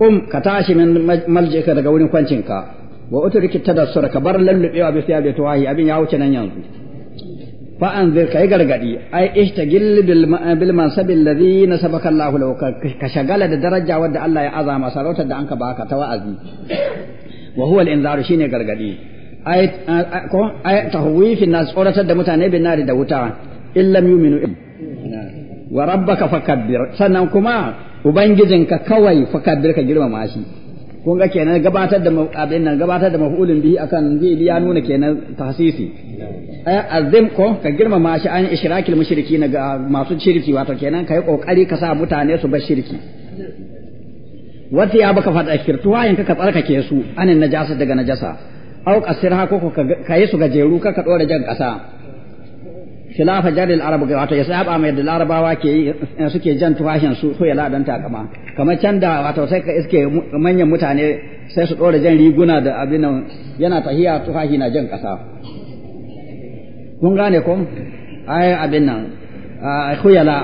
kum ka tashi min maljika daga wurin kwancinka wa utriki tadassura ka bar lullubewa bi siyabi tuwahi abin ya wuce nan yanzu fa anzir kai gargadi ai ishtagil bil bil mansabi alladhi nasabaka Allahu law ka shagala da daraja wadda Allah ya azama sarautar da anka baka ta wa'azi wa huwa al-inzaru shine gargadi ai ko ai tahwifi tsoratar da mutane bin nari da wuta illam yuminu wa rabbaka fakabbir sannan kuma ubangijin ka kawai fakabbir ka girmama shi kun ga kenan gabatar da abin nan gabatar da maf'ulin bihi akan zai ya nuna kenan tahsisi eh, azim ko ka girmama shi an ishrakil mushriki na masu shirki wato kenan kai kokari ka sa mutane su bar shirki wata ya baka fada kirtuwa ka ka tsarkake su anin najasa daga najasa au qasirha ko ka yi su gajeru ka ka dora jan kasa خلاف jaril العرب wato ya saba mai da larabawa ke suke jan tufashin su ko ya ladan takama kamar can da wato sai ka iske manyan mutane sai su dora jan riguna da abin yana tahiya na jan kasa kun gane ko abin nan khuyala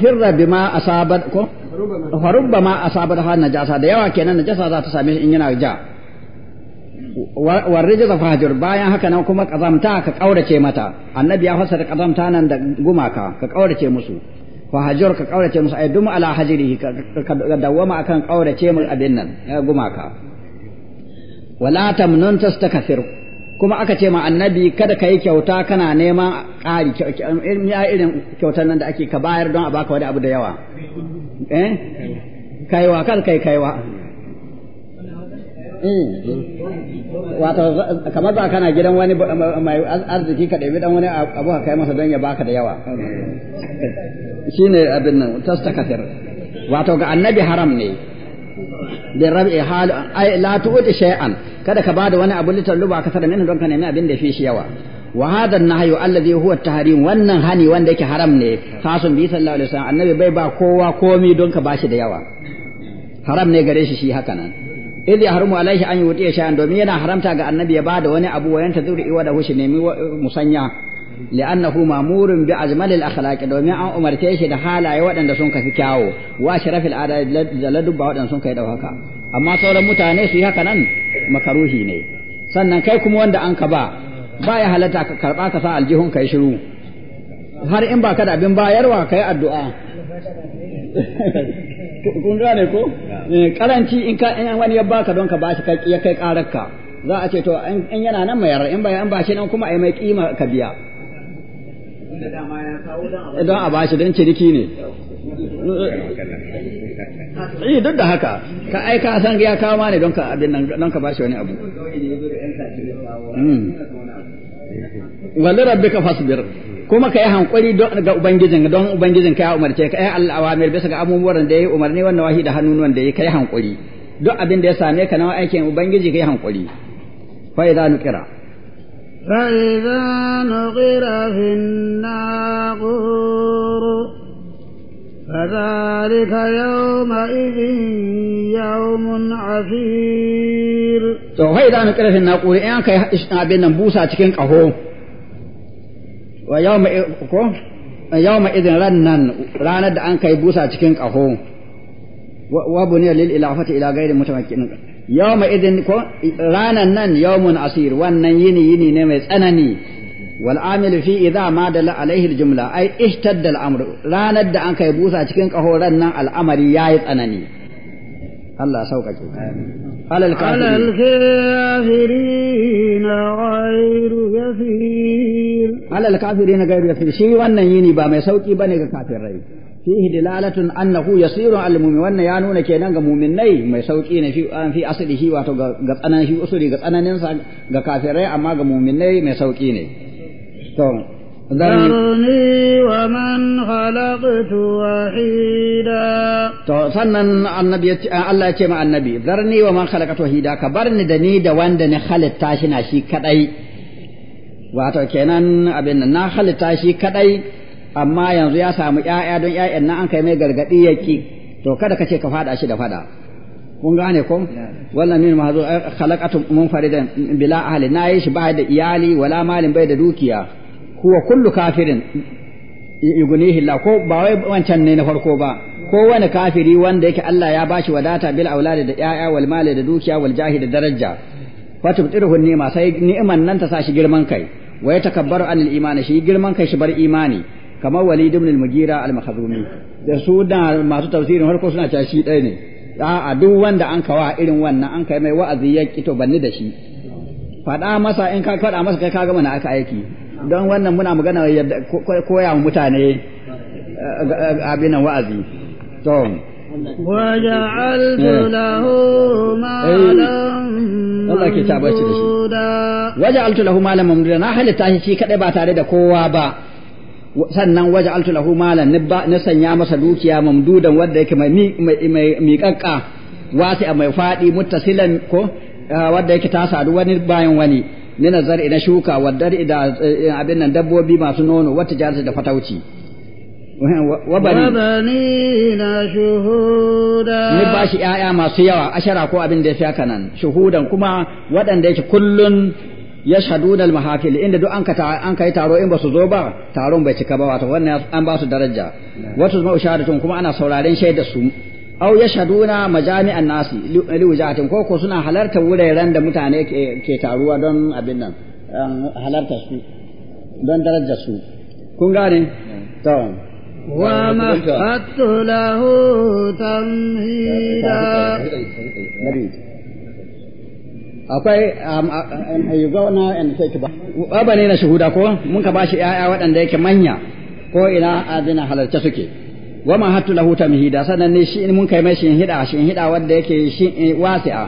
firra bima asabat ko asabat ha najasa da yawa kenan najasa za same shi in yana ja warrijza fahjur bayan haka nan kuma kazamta ka kaurace mata annabi ya fassara kazamta nan da gumaka ka kaurace musu fahjur ka kaurace musu ay dum ala hajiri ka dawama akan kaurace mu abin nan gumaka wala tamnun tastakfir kuma aka ce ma annabi kada ka yi kyauta kana nema ƙari ya irin kyautar nan da ake ka bayar don a baka wani abu da yawa eh kaiwa kan kai kaiwa Mm. wato kamar za kana gidan wani mai arziki ka ɗebi dan wani abu ka kai masa don ya baka da yawa Shi ne abin nan tastakathir wato ga annabi haram ne Da rab'i halu ai la tu'ti shay'an kada ka bada wani abu litar luba ka sada min don ka nemi abin da fi shi yawa wa hadha an-nahyu alladhi huwa at-tahrim wannan hani wanda yake haram ne khasun bi sallallahu alaihi wasallam annabi bai ba kowa komi don ka bashi da yawa haram ne gare shi shi haka nan idh yahrumu alaihi an yuti shay'an domin yana haramta ga annabi ya bada wani abu wa yanta zuri iwa da hushi nemi musanya li'annahu ma'murun bi ajmalil akhlaq domin an umarce shi da halaye waɗanda sun kafi kyawo wa sharafil adad da ladubba waɗanda sun kai da haka amma sauran mutane su yi haka nan makaruhi ne sannan kai kuma wanda an ka ba ba ya halatta ka karba ka sa aljihun kai shiru har in ba ka da abin bayarwa kai addu'a kun gane ko eh, karanci in ka in wani ya baka don ka bashi kai ya kai karakka za a ce to in yana nan mayar in ba an bashi nan kuma ai mai kima ka biya don a bashi don ciniki ne Eh duk da haka ka ai ka san ya kawo ma ne don ka abin nan don ka bashi wani abu hmm. wali rabbika fasbir kuma ka yi hankuri ga ubangijin don ubangijin ka ya umarce ka yi eh, al'awamir bisa ga abubuwan da ya yi umarni wannan wahi da hannun da ya ka yi hankuri duk abin da ya same ka na aikin ubangiji ka yi hankuri fa idza nuqira fa idza nuqira yau ma فذلك يومئذ mun عسير to fa idza nuqira fi naqur in ka abin nan busa cikin kaho wa yau ma ko yau yawma idin rannan ranar da an kai busa cikin ƙaho wa buniya lil ilafati ila ghairi mutamakkin ma idin ko ranan nan yawmun asir wannan yini yini ne mai tsanani wal amil fi idza ma dala alaihi jumla ai ishtadda al amru ranar da an kai busa cikin ƙaho rannan al'amari yayi tsanani Allah sauƙaƙe alal kafirin غير يسير alal kafirin gairu yasir shi wannan yini ba mai sauki ne ga kafirai fihi dilalatun annahu yasirun al mu'min wannan ya nuna kenan ga mu'minai mai sauki ne fi an fi shi wato ga tsananin shi usuri ga tsananin sa ga kafirai amma ga mu'minai mai sauki ne to ذرني ومن خلقت وحيدا to sannan annabi Allah ya ce ma annabi zarni wa man khalaqatu wahida ka barni da ni da wanda ni halitta shi na shi kadai wato kenan abin nan na halitta shi kadai amma yanzu ya samu ƴaƴa don ƴaƴan nan an kai mai gargadi yaki to kada ka ce ka fada shi da fada kun gane ko wannan min mahazu eh, khalaqatum munfaridan bila ahli na yi shi ba da iyali wala malin bai da dukiya huwa kullu kafirin yugunihi ko ba wai wancan ne na farko ba ko wani kafiri wanda yake Allah ya bashi wadata bil auladi da ƴaƴa wal mali da dukiya wal jahi da daraja fa tubtiruhu ni'ma sai ni'man nan ta sa shi girman kai wa ya takabbaru anil imani shi girman kai shi bar imani kamar walid ibn al-mugira al-makhzumi da su da masu tafsirin ko suna cewa shi ɗaya ne a'a duk wanda an kawa irin wannan an kai mai wa'azi ya kito banni da shi faɗa masa in ka faɗa masa kai ka gama na aka aiki don wannan muna magana yadda koya mutane eh, abin wa'azi to وجعلت altulahu Allah ke lahu malan mamduda na halitta shi shi kadai ba tare da kowa ba sannan waja'altu lahu malam na sanya masa dukiya mamdudan wanda yake mai mai kakka wasi a mai fadi muttasilan ko wanda yake ta sadu wani bayan wani ni nazar na shuka wadda da abin nan dabbobi masu nono wata jarsa da fatauci وبنين شهودا نباشي آية ما سيوا أشرا كو أبن دي فيها كنان شهودا كما ودن ديش كل يشهدون المحافل إن دو أنك تا أنك يتارو إن بسو زوبا تارون بيش كبا واتو وانا أن باسو درجة وتزمع شهادتهم كما أنا سولارين شهد السوم أو يشهدون مجامع الناس لوجاتهم كو كو سنا حلرت وريران دا متاني كي تاروا دون أبنان حلرت سو دون درجة سو kun gane? To. ومهدت ne na ko mun ka yaya waɗanda yake manya ko ina azina suke wa ma hattu lahu tamhida sanan ne shi mun kai mai shi hida shi hida wanda yake shi wasi'a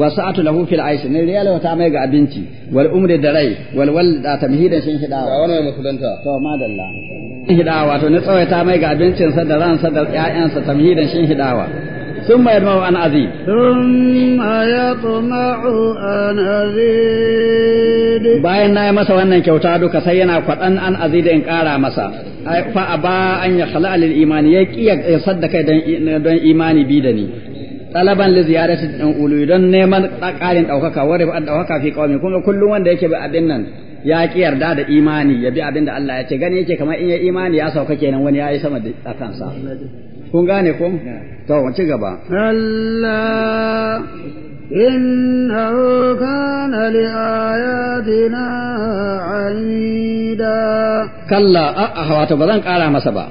wa sa'atu lahu fil aish ne riyal mai ga abinci wal umri da rai wal walda tamhida shi hida ga wannan musulunta to madalla hidawa to na tsawaita mai ga abincinsa da ransa da ƴaƴansa tamhidan shin hidawa ثم يطمع أن أزيد ثم يطمع أن Bayan na ناي masa wannan kyauta duka sai yana kwadan an da in kara masa fa aba an ya khala lil imani ya ki ya saddaka dan dan imani bi da ni talaban li ziyarati dan ulu don neman karin ɗaukaka wa rafa daukaka fi qaumi kuma kullum wanda yake bi abin nan ya ki yarda da imani ya bi abin da Allah ya ce gani yake kamar in ya imani ya sauka kenan wani ya yi sama da a kansa kun gane ko to ci gaba Allah kana li ayatina aida kalla a wato ba zan kara masa ba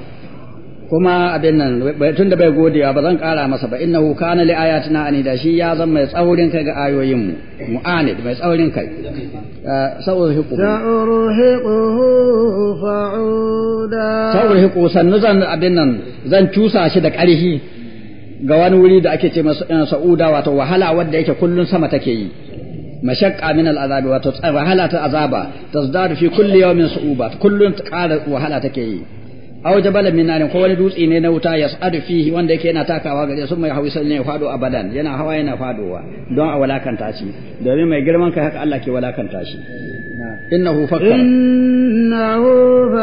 kuma abin nan tun da bai gode ba zan kara masa ba innahu kana li ayatina da shi ya zan mai tsaurin kai ga ayoyin mu mu'anid mai tsaurin kai eh, sa'urhiquhu sa'urhiquhu fa'uda sa'urhiqu sannu zan abin nan zan cusa shi da ƙarfi ga wani wuri da ake ce masa eh, sa'uda wato wahala wadda yake kullun sama take yi mashaqqa min al'azabi wato wahala ta azaba tazdadu fi kulli yawmin su'uba kullun ƙara wahala take yi aw jabala min narin ko wani dutse ne na wuta ya yas'adu fihi wanda yake yana takawa gare sun mai hawi sai ne ya fado abadan yana hawa yana fadowa don a walakanta shi domin mai girman kai haka Allah ke walakanta shi innahu fakkara innahu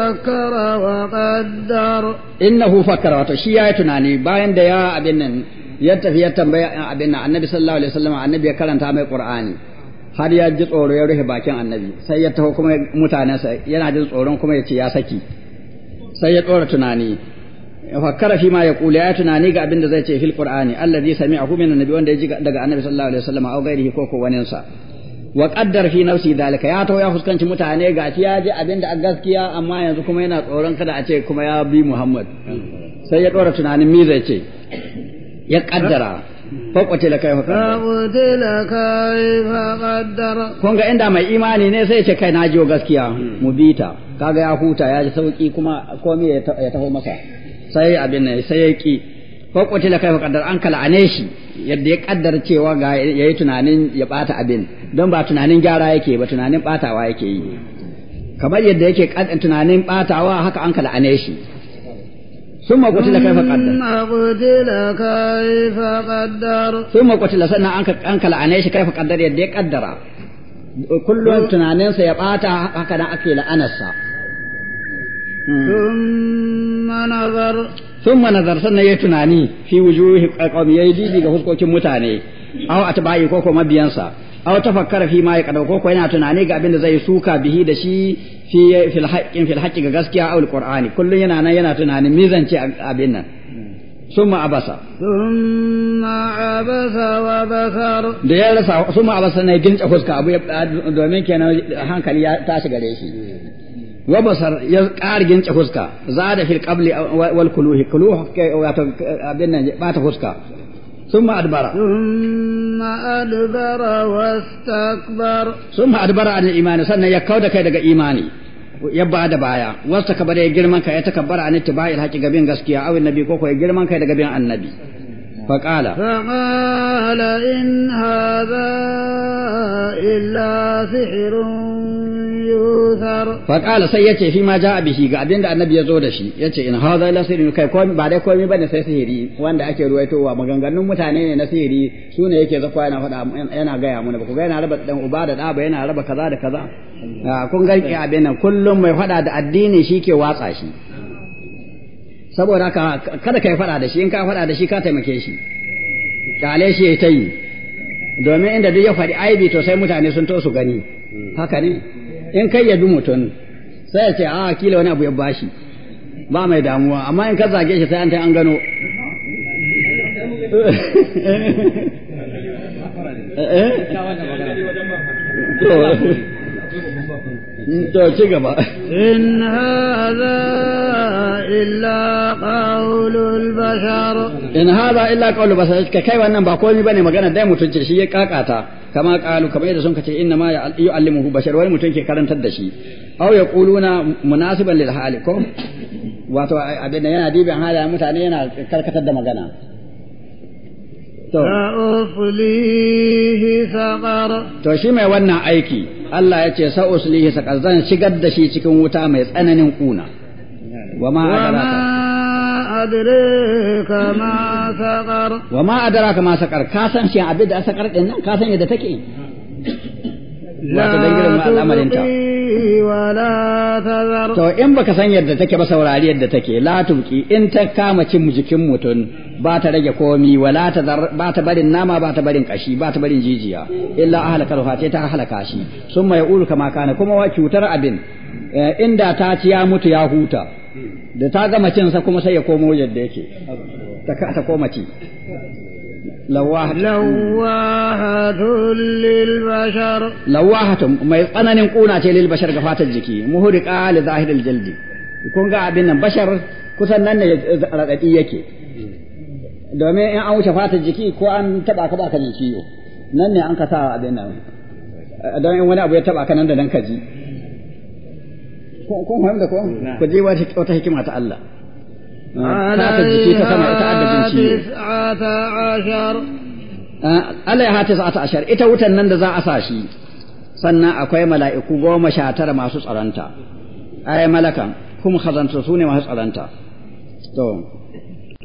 fakkara wa qaddar innahu fakkara wato shi yayi tunani bayan da ya abin nan ya tafi ya tambaya abin nan annabi sallallahu alaihi wasallam annabi ya karanta mai qur'ani har ya ji tsoro ya rufe bakin annabi sai ya taho kuma mutanensa yana jin tsoron kuma ya ce ya saki sai ya ɗora tunani fakkara fi ma ya kula ya tunani ga abin da zai ce fil qur'ani allazi sami'ahu min annabi wanda ya ji daga annabi sallallahu alaihi wasallam au gairihi ko ko wanin sa wa qaddar fi nafsi dalika ya to ya fuskanci mutane ga ya ji abin da gaskiya amma yanzu kuma yana tsoron kada a ce kuma ya bi muhammad sai ya ɗora tunanin me zai ce ya ƙaddara. فقتل كيف قدر فقتل كيف قدر kun ga inda mai imani ne sai ce kai na jiyo gaskiya mu bita kaga ya huta ya ji sauki kuma komai ya taho masa sai abin ne sai ya ki da kai qaddar an kala shi yadda ya kaddar cewa ga ya yi tunanin ya bata abin don ba tunanin gyara yake ba tunanin batawa yake yi kamar yadda yake tunanin batawa haka an kala shi ثم قتل كيف قدر ثم قتل كيف قدر ثم قتل سنة أنك أنك لعنيش كيف قدر يديك قدر كل تنانين سيبقى هكذا أكيل أنسا ثم نظر ثم نظر سنة يتناني في وجوه قوم يجي بيغا فسكوكي متاني أو أتباعي كوكو مبيانسا aw tafakkara fi ma yaqadu ko yana tunani ga abin da zai suka bihi da shi fi fil haqqin fil haqqi ga gaskiya aw alqur'ani kullun yana nan yana tunani mizance abin nan summa abasa. summa abasa wa basar. da ya rasa ثم عبس ne gince fuska abu domin kenan hankali ya tashi gare shi وبصر ya ƙar gince fuska zada fil qabli wal kuluhi kuluh abin nan ba ta huska. ثم أدبر ثم أدبر واستكبر ثم أدبر عن الإيمان سنة يكود كيدك إيماني yabba da baya wasu ka ya girman ka ya takabbara an ittiba'i alhaqi gabin gaskiya awin nabi ko ko girman kai daga bin annabi فقال فقال إن هذا إلا سحر sai yace shi ma ja'a bihi ga abinda annabi ya zo da shi yace in hadha la sihri kai ko ba dai komai bane sai sihiri wanda ake ruwaitowa maganganun mutane ne na sihiri su ne yake zakwa yana yana gaya mana ba ku ga yana raba dan uba da da ba yana raba kaza da kaza kun ga abin nan kullum mai faɗa da addini shi ke watsa shi saboda haka kada ka yi faɗa da shi in ka faɗa da shi ka taimake shi kale shi ya ta yi domin inda duk ya faɗi aibi to sai mutane sun to su gani haka ne in kai ya bi mutum sai ya ce a ah, kila wani abu ya bashi ba mai damuwa amma in ka zage shi sai an ta an gano [laughs] eh, eh? to in hadha illa qawlul bashar in hadha illa qawlul bashar ka kai wannan ba komai bane magana dai mutunci shi ya kakata kama qalu kamar yadda sun kace inna ma yu'allimuhu bashar wani mutum ke karantar da shi aw yaquluna munasiban lil hali ko wato abin yana dibin halayen mutane yana karkatar da magana to shi mai wannan aiki Allah ya ce sa uslihi saqar zan shigar da shi cikin wuta mai tsananin kuna wa ma adraka ma saqar wa adraka ma saqar ka san shi abin da saqar din nan ka san yadda take wato dan girma al'amarin ta to in baka san yadda take ba saurari yadda take la tubqi in ta kama cin jikin mutum ba ta rage komi wala ta ba ta barin nama ba ta barin kashi ba ta barin jijiya illa ahlaka ruha ta halaka shi summa ya'ulu kama kana kuma wa cutar abin eh, inda ta ci ya mutu ya huta da ta gama cinsa kuma sai ya komo yadda yake ta koma ci لواحة لواحة للبشر لواحة ما يتقنن نقونا للبشر قفات الجكي مهرقة لظاهر الجلد يكون قاع بين بشر كسن نن رددي yake domin in an wuce fatar jiki ko an taba ka baka jin nan ne an ka sa don in wani abu ya taba ka nan da nan ka ji kun fahimta ko ku ji wata hikima ta Allah عليها تسعة عشر alaiha tis'ata ashar ita wutan nan da za a sa shi sannan akwai mala'iku goma sha tara masu tsaranta ai malakan kuma khazanta su ne masu tsaranta. to